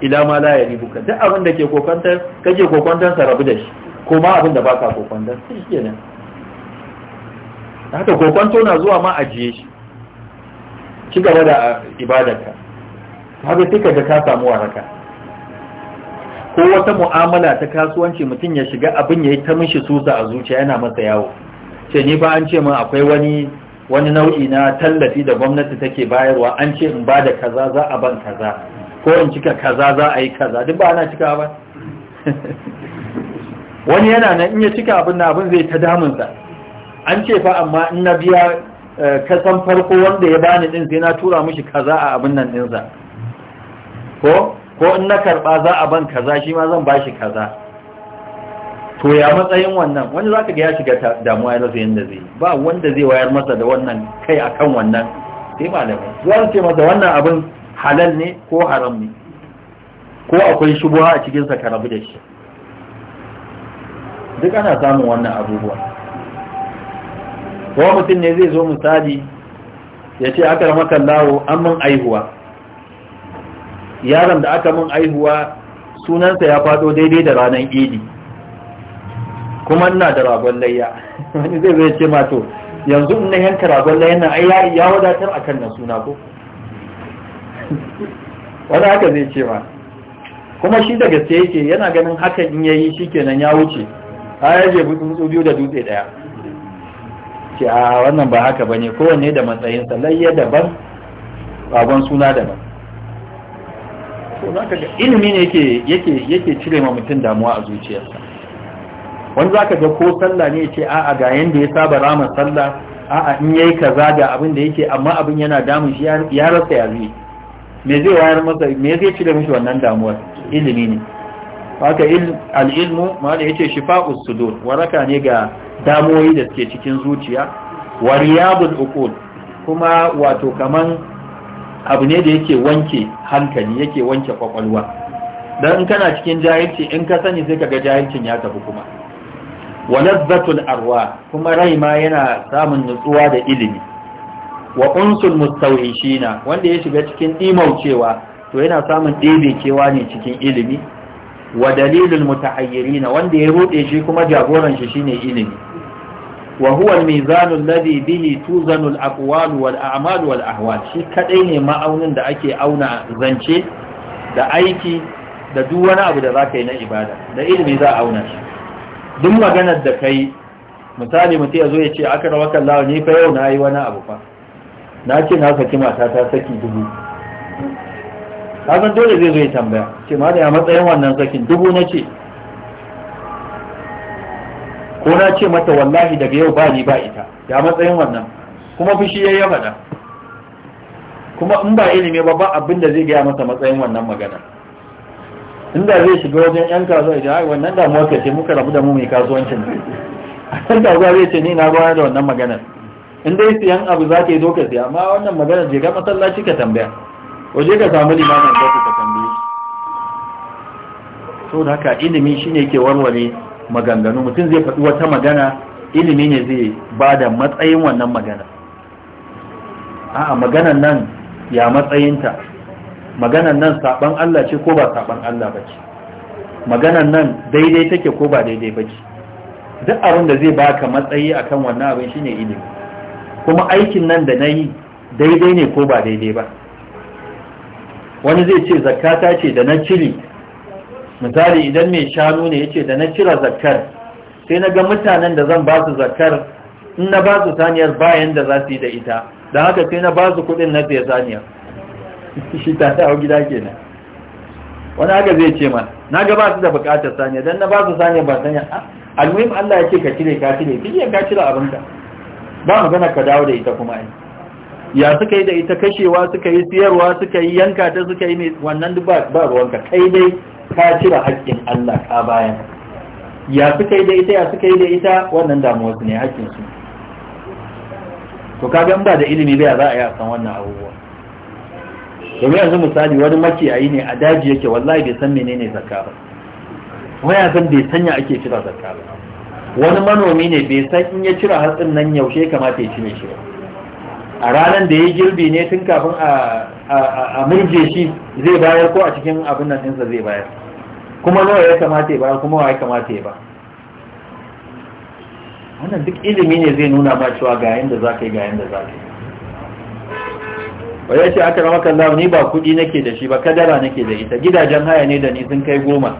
ila ma la ya ribuka duk abin da ke kokonta kake kokontan sa rabu da shi ko ma abin da baka kokonta shi kenan haka kokonto na zuwa ma a je shi ci gaba da ibadarka haka sai kaga ka samu waraka ko wata mu'amala ta kasuwanci mutum ya shiga abin ya yi ta mishi susa a zuciya yana masa yawo ce ni fa an ce min akwai wani wani nau'i na tallafi da gwamnati take bayarwa an ce in ba da kaza za a ban kaza ko in cika kaza za a yi kaza duk ba ana cika ba wani yana nan in ya cika abin na abin zai ta damunsa an ce fa amma in na biya eh, kasan farko wanda ya bani din sai na tura mishi kaza a abin nan dinsa ko ko in na karba za a ban kaza shi ma zan bashi kaza to ya matsayin wannan wani za ka ga ya shiga damuwa ya rasu yadda zai ba wanda zai wayar masa da wannan kai akan wannan sai malamai za su ce masa wannan abin halal ne ko haram ne ko akwai shubuha a cikinsa ka rabu da shi duk ana samun wannan abubuwa ko mutum ne zai zo misali ya ce aka rama lawo an min aihuwa yaron da aka min aihuwa sunansa ya fado daidai da ranar idi kuma ina da ragon layya wani zai zai ce mato yanzu ina yanka ragon layya na ai ya wadatar a kan nan suna ko wani haka zai ce ma kuma shi daga sai yake yana ganin hakan in yayi shi kenan ya wuce a ya je tsuntsu biyu da dutse daya ce a wannan ba haka bane kowanne da matsayinsa layya daban ragon suna daban ilimi ne yake cire ma mutum damuwa a zuciyarsa wani za ka ga ko sallah ne ya ce a'a ga yanda ya saba ramar sallah a'a in yayi kaza ga abin da yake amma abin yana damun shi ya rasa ya zai me zai wayar masa me zai cire mishi wannan damuwar ilimi ne haka al-ilmu ma da yace shifa'us sudur waraka ne ga damoyi da suke cikin zuciya riyabul uqul kuma wato kaman abu ne da yake wanke hankali yake wanke kwakwalwa dan in kana cikin jahilci in ka sani sai kaga jahilcin ya tafi kuma wa lazzatul arwa kuma rai ma yana samun nutsuwa da ilimi wa unsul mustawhishina wanda ya shiga cikin dimaucewa to yana samun ɗebekewa ne cikin ilimi wa dalilul mutahayyirina wanda ya rude shi kuma jagoran shi shine ilimi wa huwa al-mizanu bihi tuzanu aqwal wal a'mal wal ahwal shi kadai ne ma'aunin da ake auna zance da aiki da duk wani abu da zaka yi na ibada da ilimi za a auna shi duk maganar da kai misali mutum ya zo ya ce aka rawa kan lawa ni fa yau na yi wani abu fa na ce na saki mata ta saki dubu kasan dole zai zo ya tambaya ce ma da ya matsayin wannan sakin dubu na ce ko na ce mata wallahi daga yau ba ni ba ita ya matsayin wannan kuma fushi ya yi faɗa kuma in ba ilimi ba ba abin da zai gaya masa matsayin wannan magana inda zai shiga wajen yan kasuwa idan ai wannan damuwa ka ce muka rabu da mu mai kasuwancin nan kasuwa zai ce ni na gwana da wannan maganar in dai siyan abu za ka yi doka siya amma wannan maganar je ga masallaci ka tambaya waje ka samu limanin da ka tambaye so da haka ilimi shine ke warware maganganu mutum zai faɗi wata magana ilimi ne zai ba da matsayin wannan magana a'a maganar nan ya matsayinta maganan nan saban Allah ce ko ba saban Allah ba ce maganan nan daidai take ko ba daidai ba ce duk abin da zai baka matsayi akan wannan abin shine ilimi kuma aikin nan da nayi daidai ne ko ba daidai ba wani zai ce zakata ce da na cire? misali idan mai shanu ne yace da na cire zakkar sai na ga mutanen da zan ba su zakkar in na ba su saniyar bayan da za su yi da ita don haka sai na ba su kudin na saya saniyar shi ta dawo gida kenan wani haka zai ce ma. na ga ba su da bukatar sanya, don na ba su sanya ba sanya ah, almuhim Allah ya ce ka cire ka cire biyan ka cire abinka ba gana ka dawo da ita kuma ai ya suka yi da ita kashewa suka yi siyarwa suka yi yanka ta suka yi mai wannan duk ba ruwanka kai dai ka cire haƙƙin Allah ka bayan ya suka yi da ita ya suka yi da ita wannan damuwar su ne haƙƙin su to kaga in ba da ilimi ba za a yi a san wannan abubuwa kuma yanzu misali wani makiyayi ne a daji yake wallahi bai san menene zakka ba waya san bai sanya ake cira zakka ba wani manomi ne bai san in ya cira hatsin nan yaushe kamata ya cire shi ba a ranar da ya girbi ne tun kafin a murje shi zai bayar ko a cikin abin nan ɗinsa zai bayar kuma nawa ya kamata ya bayar kuma wa ya kamata ya ba wannan duk ilimi ne zai nuna ma cewa ga yanda za ka yi ga yanda za ka yi wa ya ce aka rama kallahu ni ba kuɗi nake da shi ba kadara nake da ita gidajen haya ne da ni sun kai goma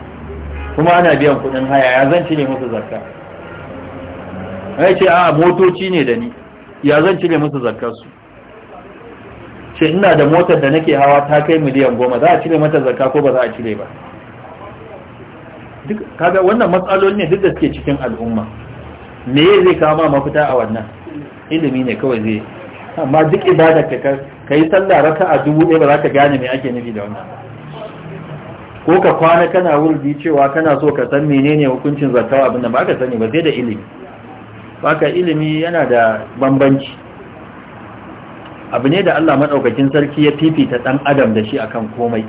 kuma ana biyan kuɗin haya ya zan cire musu zakka ya ce a motoci ne da ni ya zan cire musu su ce ina da motar da nake hawa ta kai miliyan goma za a cire mata zakka ko ba za a cire ba kaga wannan matsaloli ne duk da suke cikin al'umma me zai kama mafita a wannan ilimi ne kawai zai amma duk ibada ka ka yi sallah raka a dubu ɗaya ba za ka gane me ake nufi da wannan ko ka kwana kana wurdi cewa kana so ka san menene hukuncin zakawa abin da ba ka sani ba sai da ilimi baka ilimi yana da bambanci abu ne da Allah maɗaukakin sarki ya fifita ɗan adam da shi akan komai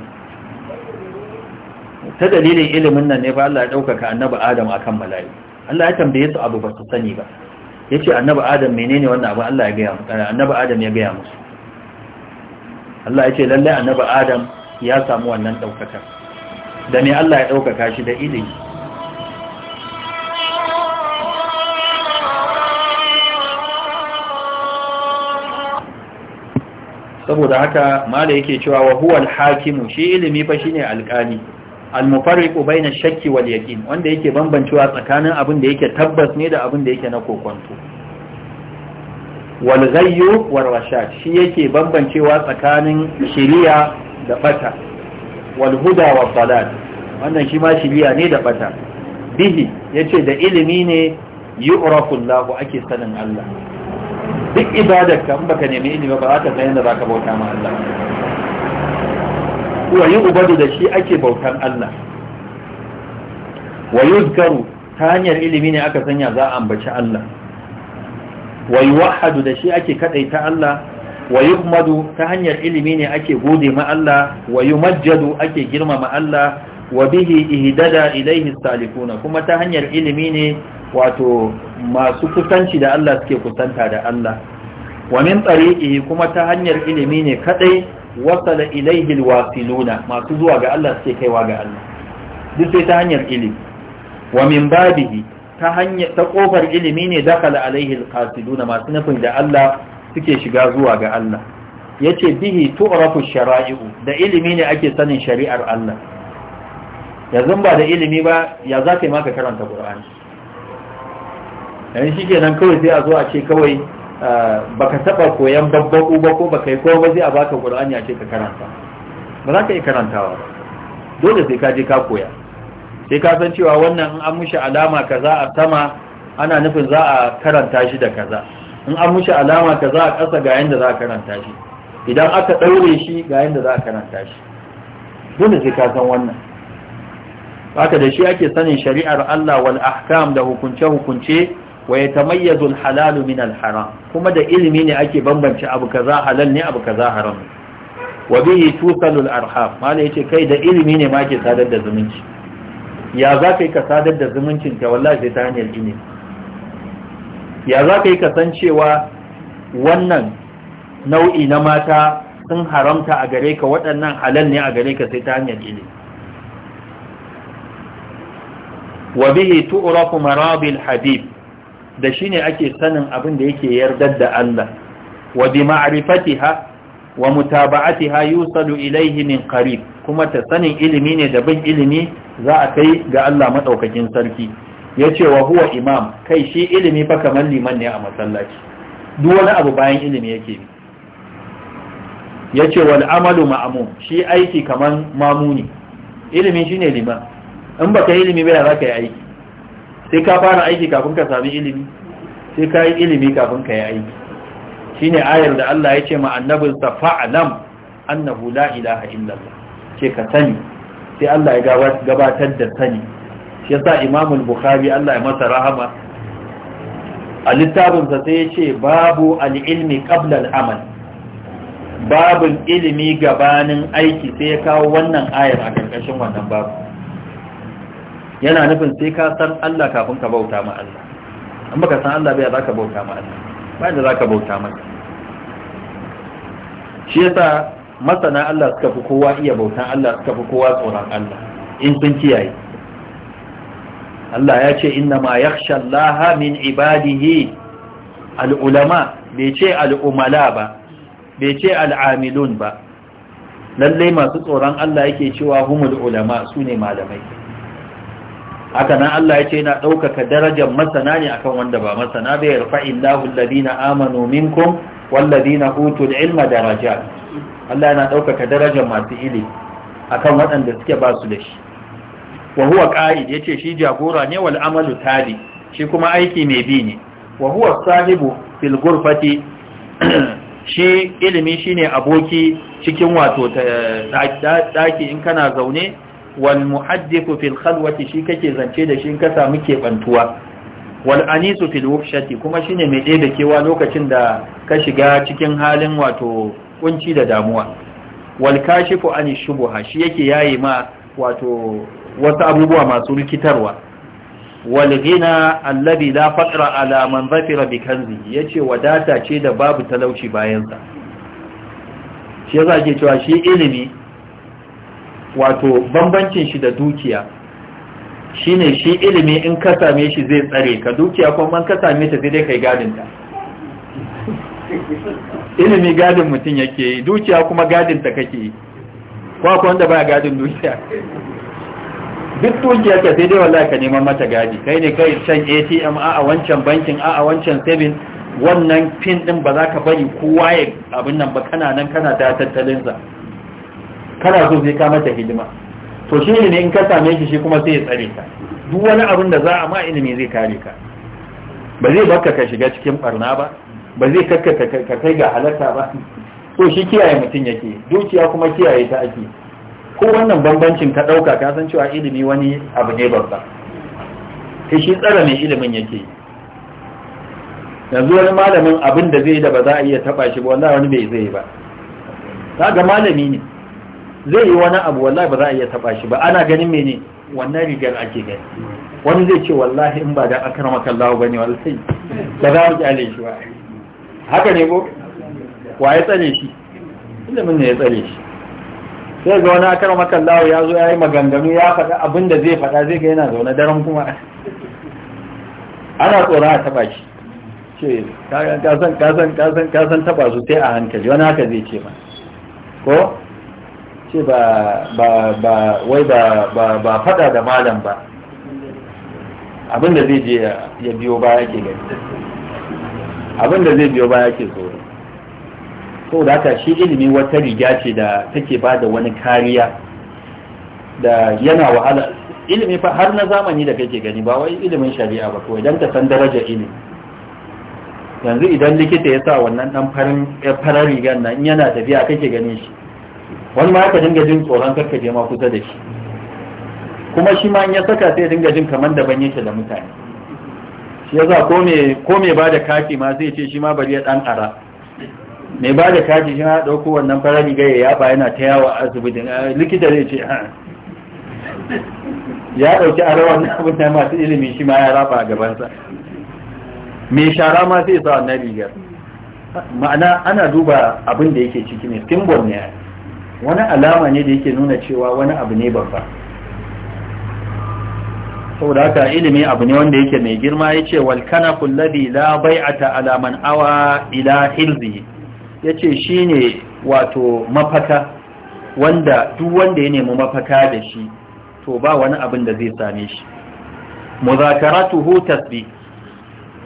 ta dalilin ilimin nan ne ba Allah ya ɗaukaka annabi adam akan mala'i Allah ya tambaye su abu ba su sani ba yace annabi adam menene wannan abu Allah ya ga musu eh, annabi adam ya ga musu Allah yace lalle annabi adam ya samu wannan daukaka da me Allah ya daukaka shi da ilimi saboda haka mala yake cewa wa huwa hakimu shi ilimi fa shine alƙali al-mufarriqu bayna shakki wal yaqin wanda yake bambancewa tsakanin abin da yake tabbas ne da abin da yake na kokonto wal ghayyu war rashad shi yake bambancewa tsakanin shiriya da bata wal huda wa dalal wannan shi ma shiriya ne da bata bihi yace da ilimi ne yu'rafu Allah ake sanin Allah duk ibadarka in baka nemi ilimi ba za ka san yadda zaka bauta ma Allah wa yi ubadu da shi ake bautan Allah wa yuzkaru ta hanyar ilimi ne aka sanya za a ambaci Allah wa yuwahhadu da shi ake kadaita Allah wa madu ta hanyar ilimi ne ake gode ma Allah wa yumajjadu ake girmama Allah wa bihi ihdada ilaihi salifuna kuma ta hanyar ilimi ne wato masu kusanci da Allah suke kusanta da Allah wa min tariqihi kuma ta hanyar ilimi ne kadai wasala ilaihi alwasiluna masu zuwa ga Allah suke kaiwa ga Allah duk sai ta hanyar ilimi wa min babihi ta hanyar ta kofar ilimi ne dakala alaihi alqasiduna masu nufin da Allah suke shiga zuwa ga Allah yace bihi tu'rafu shara'i'u da ilimi ne ake sanin shari'ar Allah yanzu ba da ilimi ba ya za ka yi maka karanta Qur'ani yanzu shikenan kawai sai a zo a ce kawai baka taba koyan babbaku ba ko baka yi ko ba zai a baka qur'ani a ce ka karanta ba za ka yi karantawa dole sai ka je ka koya sai ka san cewa wannan in an mushi alama kaza a sama ana nufin za a karanta shi da kaza in an mushi alama kaza a ƙasa ga yanda za a karanta shi idan aka ɗaure shi ga yanda za a karanta shi dole sai ka san wannan haka da shi ake sanin shari'ar Allah wal ahkam da hukunce-hukunce wa yatamayyazu al-halalu min al-haram kuma da ilimi ne ake bambance abu kaza halal ne abu kaza haram wa bihi tusalu al-arham mala yace kai da ilimi ne ma ke sadar da zumunci ya za kai ka sadar da zumuncin ka wallahi sai ta hanyar ilimi ya za kai ka san cewa wannan nau'i na mata sun haramta a gare ka waɗannan halal ne a gare ka sai ta hanyar ilimi wa bihi tu'rafu marabil habib da shi ne ake sanin abin da yake yardar da Allah wa bi ma'rifatiha wa mutaba'atiha yusalu ilayhi min qarib kuma ta sanin ilimi ne da bin ilimi za a kai ga Allah madaukakin sarki yace wa huwa imam kai shi ilimi fa kamar liman ne a masallaci duk wani abu bayan ilimi yake bi yace wal amalu ma'mum shi aiki kamar mamuni ilimi shine liman in baka ilimi ba za ka yi aiki sai ka fara aiki kafin ka sami ilimi sai ka yi ilimi kafin ka yi aiki shine ayar da Allah ya ce ma annabinsa fa'alam annahu la illallah ce ka sani sai Allah ya gabatar da sani shi sa Imam Bukhari Allah ya masa rahama a littafinsa sai ya ce babu al'ilmi ƙablar amal babin ilimi gabanin aiki sai ya kawo wannan ayar a ƙarƙashin wannan babu yana nufin sai ka san Allah kafin ka bauta ma Allah an baka san Allah bai za ka bauta ma Allah ba da za ka bauta masa shi yasa masana Allah suka fi kowa iya bauta Allah suka fi kowa tsoron Allah in sun kiyaye Allah ya ce inna ma yakhsha Allah min ibadihi al'ulama bai ce al'umala ba bai ce al'amilun ba lallai masu tsoron Allah yake cewa humul ulama su ne malamai haka nan Allah ya ce yana ɗaukaka darajar masana ne akan wanda ba masana bai yarfa illahu ladina amanu minkum walladhina da ilma daraja. Allah yana ɗaukaka darajar masu ilimi akan waɗanda suke ba su da shi wa huwa yace shi jagora ne wal amalu tali shi kuma aiki mai bi ne wa huwa sahibu fil shi ilimi shine aboki cikin wato daki eh, in kana zaune wal muhaddithu fil khalwati shi kake zance da shi ka samu kebantuwa wal anisu fil wuhshati kuma shine mai ɗebe kewa lokacin da ka shiga cikin halin wato kunci da damuwa wal kashifu an shubuha shi yake yayi ma wato wasu abubuwa masu rikitarwa wal ghina allazi la faqra ala man zafira bi kanzi yace wadata ce da babu talauci bayansa. sa shi yasa cewa shi ilimi wato bambancin shi da dukiya shine shi ilimi in ka same shi zai tsare ka dukiya kuma man ka same ta sai dai kai gadin ta ilimi gadin mutum yake yi dukiya kuma gadin ta kake yi ko akwai wanda baya gadin dukiya duk dukiya ka sai dai wallahi ka neman mata gadi kai ne kai can ATM a wancan bankin a wancan sabin wannan pin din ba za ka bari kowa ya abin nan ba kana nan kana da tattalin sa kana so sai ka mata hidima to shi ne in ka same shi shi kuma sai ya tsare ka duk wani abin da za a ma ilimi zai kare ka ba zai baka ka shiga cikin barna ba ba zai kakka ka kai ga halarta ba to shi kiyaye mutum yake dukiya kuma kiyaye ta ake ko wannan bambancin ka ɗauka ka san cewa ilimi wani abu ne babba Ka shi tsara mai ilimin yake yanzu wani malamin abin da zai da ba za a iya taɓa shi ba wanda wani bai zai ba ga malami ne zai yi wani abu wallahi ba za a iya taba shi ba ana ganin mene wannan rigar ake gani wani zai ce wallahi in ba da akrama kallahu bane wallahi ba za mu kyale shi ba haka ne ko wa ya tsare shi ilimin ne ya tsare shi sai ga wani akrama kallahu ya zo ya yi maganganu ya faɗa abin da zai faɗa zai ga yana zaune daren kuma ana tsoron a taba shi ce ka san ka san taba su sai a hankali wani haka zai ce ma ko ce ba ba ba wai ba ba ba fada da malam ba abin da zai je ya biyo baya ke gani abin da zai biyo baya ke tsoro da haka shi ilimi wata riga ce da take ba da wani kariya da yana wahala ilimi fa har na zamani da kake gani ba wai ilimin shari'a ba kawai don ka san daraja ilimi yanzu idan likita ya sa wannan dan farin farar rigar nan yana tafiya kake ganin shi wani ma ka dinga jin tsoron karka je ma kusa da shi kuma shi ma in ya saka sai dinga jin kamar da ban yake da mutane shi yasa ko me ko me bada kaki kati ma zai ce shi ma bari ya dan ara me bada kaki kati shi ma dauko wannan farani ga ya ba yana ta yawa a asibiti eh, likita zai ce ya dauki ara wannan abin da masu ilimi shi ma ya raba a gabansa me shara ma zai sa wannan rigar ma'ana ana duba abin da yake ciki ne symbol ne wani alama ne da yake nuna cewa wani abu ne babba saboda haka ilimi abu ne wanda yake mai girma ya ce walkana kullabi la bai'ata alaman awa ila hirzi ya ce shi ne wato mafaka wanda duk wanda ya nemi mafaka da shi to ba wani abin da zai same shi muzakaratuhu tasbih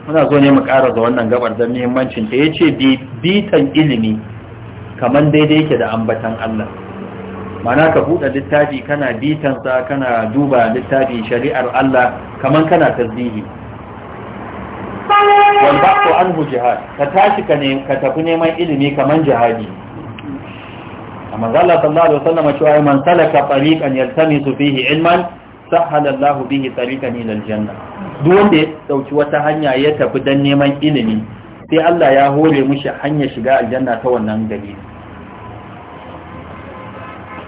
muna zo ne mu ƙara za wannan gabar don muhimmancin ta ce bitan ilimi kaman daidai ke da ambatan Allah mana ka buɗe littafi kana bitansa kana duba littafi shari'ar Allah kaman kana tasbihi wal ba'du anhu jihad ka tashi ka ne ka tafi neman ilimi kaman jihadi amma Allah sallallahu alaihi wasallam cewa man salaka tariqan yaltamisu fihi ilman sahala Allah bihi tariqan ila aljanna duk wanda ya dauki wata hanya ya tafi dan neman ilimi sai Allah ya hore mushi hanya shiga aljanna ta wannan dalili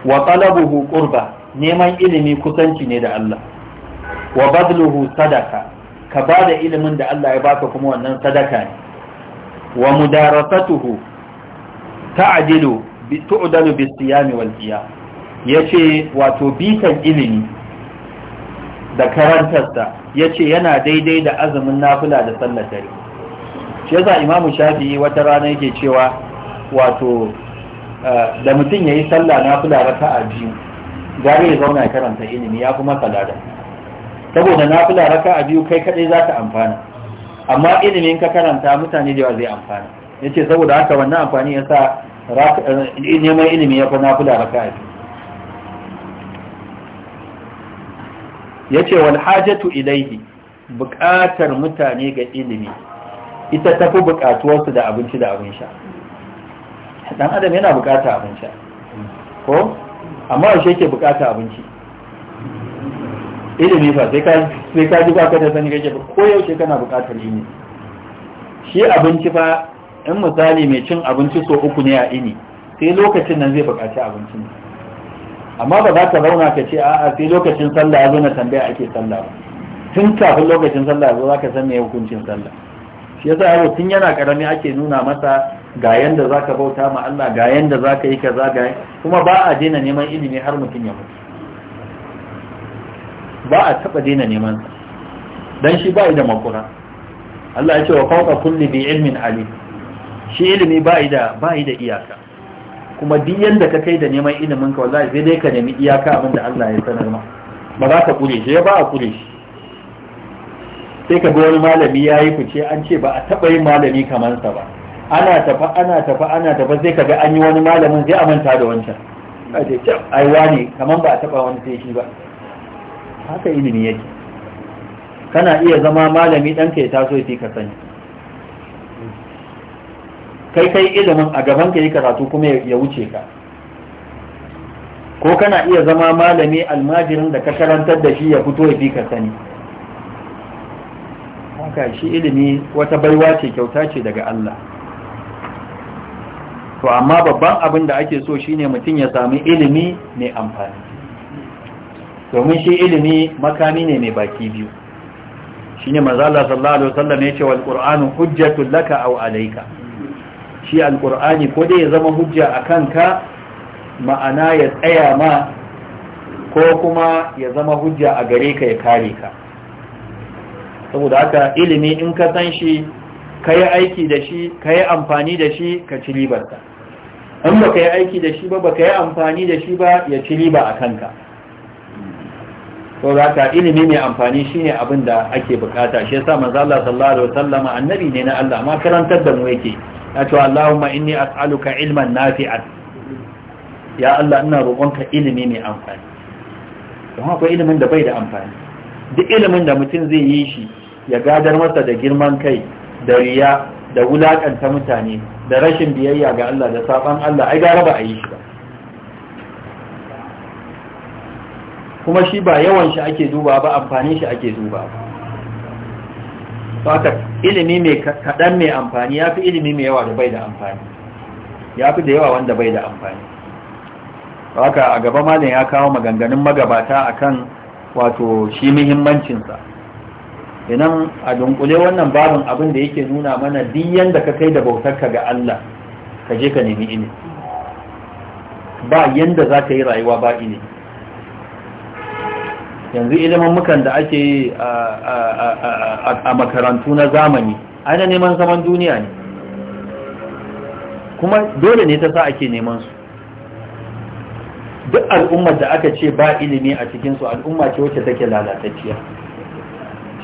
wa talabuhu qurba neman ilimi kusanci ne da Allah wa badluhu sadaka ka ba da ilimin da Allah ya baka kuma wannan sadaka ne wa mudarasatuhu ta'dilu bi tu'dalu bis siyami wal qiyam yace wato bitan ilimi da karantarsa yace yana daidai da azumin nafila da sallar dare shi yasa imamu shafi'i wata rana yake cewa wato Eh, da mutum ya yi sallah na fula raka a biyu gari ya zauna karanta ilimi ya fi masa lada saboda na fula raka a biyu kai kadai za ta amfana amma ilimin ka karanta mutane da yawa zai amfana ya ce saboda haka wannan amfani ya sa eh, neman ilimi ya fi na fula raka a biyu ya ce wal hajjatu ilaihi buƙatar mutane ga ilimi ita tafi bukatuwarsu da abinci da abin sha dan adam yana bukata abinci ko amma yaushe yake bukata abinci ilimi fa sai ka sai ka ji baka da sani kake ba ko yaushe kana bukatar ilimi shi abinci fa in misali mai cin abinci so uku ne a ini sai lokacin nan zai bukaci abinci amma ba za ka zauna ka ce a'a sai lokacin sallah ya zo na tambaya ake sallah ba tun kafin lokacin sallah ya zo za ka san me hukuncin sallah shi yasa yaro tun yana karami ake nuna masa ga yanda zaka bauta ma Allah ga yanda zaka yi kaza ga kuma ba a daina neman ilimi har mutum ya mutu ba a taba daina neman sa dan shi ba da makura Allah ya ce wa fawqa kulli bi ilmin alim shi ilimi ba da ba da iyaka kuma duk yanda ka kai da neman ilimin ka wallahi sai dai ka nemi iyaka abin da Allah ya sanar ma ba za ka kure shi ba a kure shi sai ka ga wani malami yayi fice an ce ba a taba yin malami kamar sa ba ana tafa ana tafa ana tafa sai kaga an yi wani malamin zai amanta da wancan ai wani kamar ba a taba wani sai shi ba haka ilimi yake kana iya zama malami ɗanka ya taso ya ka sani kai kai ilimin a gaban ka yi karatu kuma ya wuce ka ko kana iya zama malami almajirin da ka karantar da shi ya fito ya fi ka sani haka shi ilimi wata baiwa ce kyauta ce daga Allah to amma babban abin da ake so shine mutum ya sami ilimi mai amfani domin shi ilimi makami ne mai baki biyu shine manzo Allah sallallahu alaihi wasallam yace wal qur'anu hujjatul laka aw alayka shi alqur'ani ko dai ya zama hujja akan ka ma'ana ya tsaya ma ko kuma ya zama hujja a gare ka ya kare ka saboda haka ilimi in ka san shi ka aiki da shi ka amfani da shi ka ci ribarta in ba ka yi aiki da shi ba ba ka yi amfani da shi ba ya ci riba a kanka to zaka ilimi mai amfani shine abin da ake bukata shi yasa manzo Allah sallallahu alaihi wasallam annabi ne na Allah ma karantar da mu yake ya ce Allahumma inni as'aluka ilman nafi'an ya Allah ina roƙonka ilimi mai amfani don akwai ilimin da bai da amfani duk ilimin da mutum zai yi shi ya gadar masa da girman kai da riya da wulakanta mutane da rashin biyayya ga Allah da saban Allah ai gara ba a yi shi ba kuma shi ba yawan shi ake duba ba amfani shi ake duba ba haka ilimi mai kaɗan mai amfani ya fi ilimi mai yawa da bai da amfani ya fi da yawa wanda bai da amfani haka a gaba malin ya kawo maganganun magabata akan wato shi muhimmancinsa idan a dunkule wannan babin abin da yake nuna mana duk yanda ka kai da bautarka ga Allah ka je ka nemi ilimi ba yanda za ka yi rayuwa ba ilimi yanzu ilimin mukan da ake a makarantu na zamani ana neman zaman duniya ne kuma dole ne ta sa ake neman su duk al'ummar da aka ce ba ilimi a cikinsu al'umma ce wacce take lalatacciya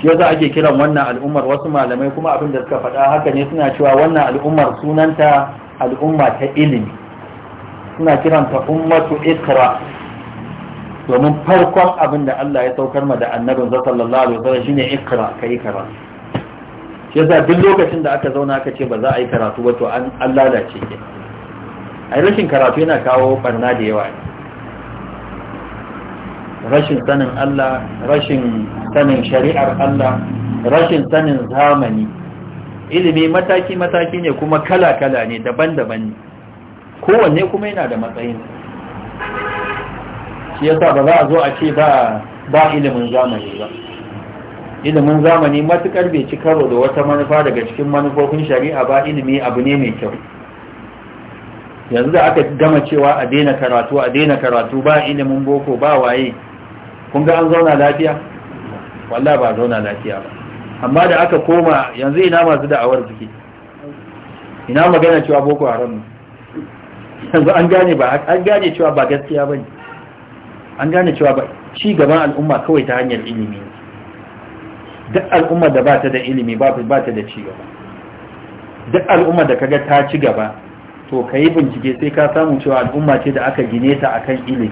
shi yasa ake kiran wannan al'ummar wasu malamai kuma abin da suka faɗa haka ne suna cewa wannan al'ummar sunanta al'umma ta ilimi suna kiranta ummatu ikra domin farkon abin da Allah ya saukar ma da annabin sa sallallahu alaihi wasallam shine ikra kai karatu shi yasa duk lokacin da aka zauna aka ce ba za a yi karatu ba to an lalace ke A rashin karatu yana kawo barna da yawa ne rashin sanin Allah rashin sanin shari'ar Allah rashin sanin zamani ilimi mataki-mataki ne kuma kala-kala ne daban-daban ne kowanne kuma yana da matsayin shi yasa ba za a zo a ce ba ilimin zamani ba ilimin zamani matukar bai ci karo da wata manufa daga cikin manufofin shari'a ba ilimi abu ne mai kyau yanzu da aka gama cewa a daina karatu a daina karatu ba ilimin boko ba waye kun ga an zauna lafiya Walla ba zauna lafiya ba amma da aka koma yanzu ina masu da'awar suke ina magana cewa boko haram ne yanzu an gane ba an gane cewa ba gaskiya bane an gane cewa ba ci gaban al'umma kawai ta hanyar ilimi duk al'umma da ba ta da ilimi ba ta da ci gaba duk al'umma da kaga ta ci gaba to kayi bincike sai ka samu cewa al'umma ce da aka gine ta akan ilimi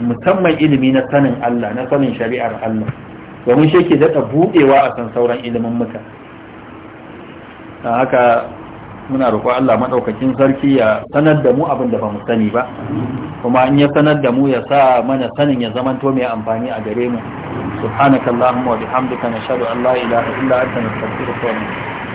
musamman ilimi na sanin Allah na sanin shari'ar Allah domin shi ke daɗa buɗewa a san sauran ilimin muka haka muna roƙon Allah maɗaukakin sarki ya sanar da mu abin da ba mu sani ba kuma an ya sanar da mu ya sa mana sanin ya zamanta mai amfani a gare mu subhanakallahumma wa bihamdika nashhadu an la ilaha illa anta nastaghfiruka wa natubu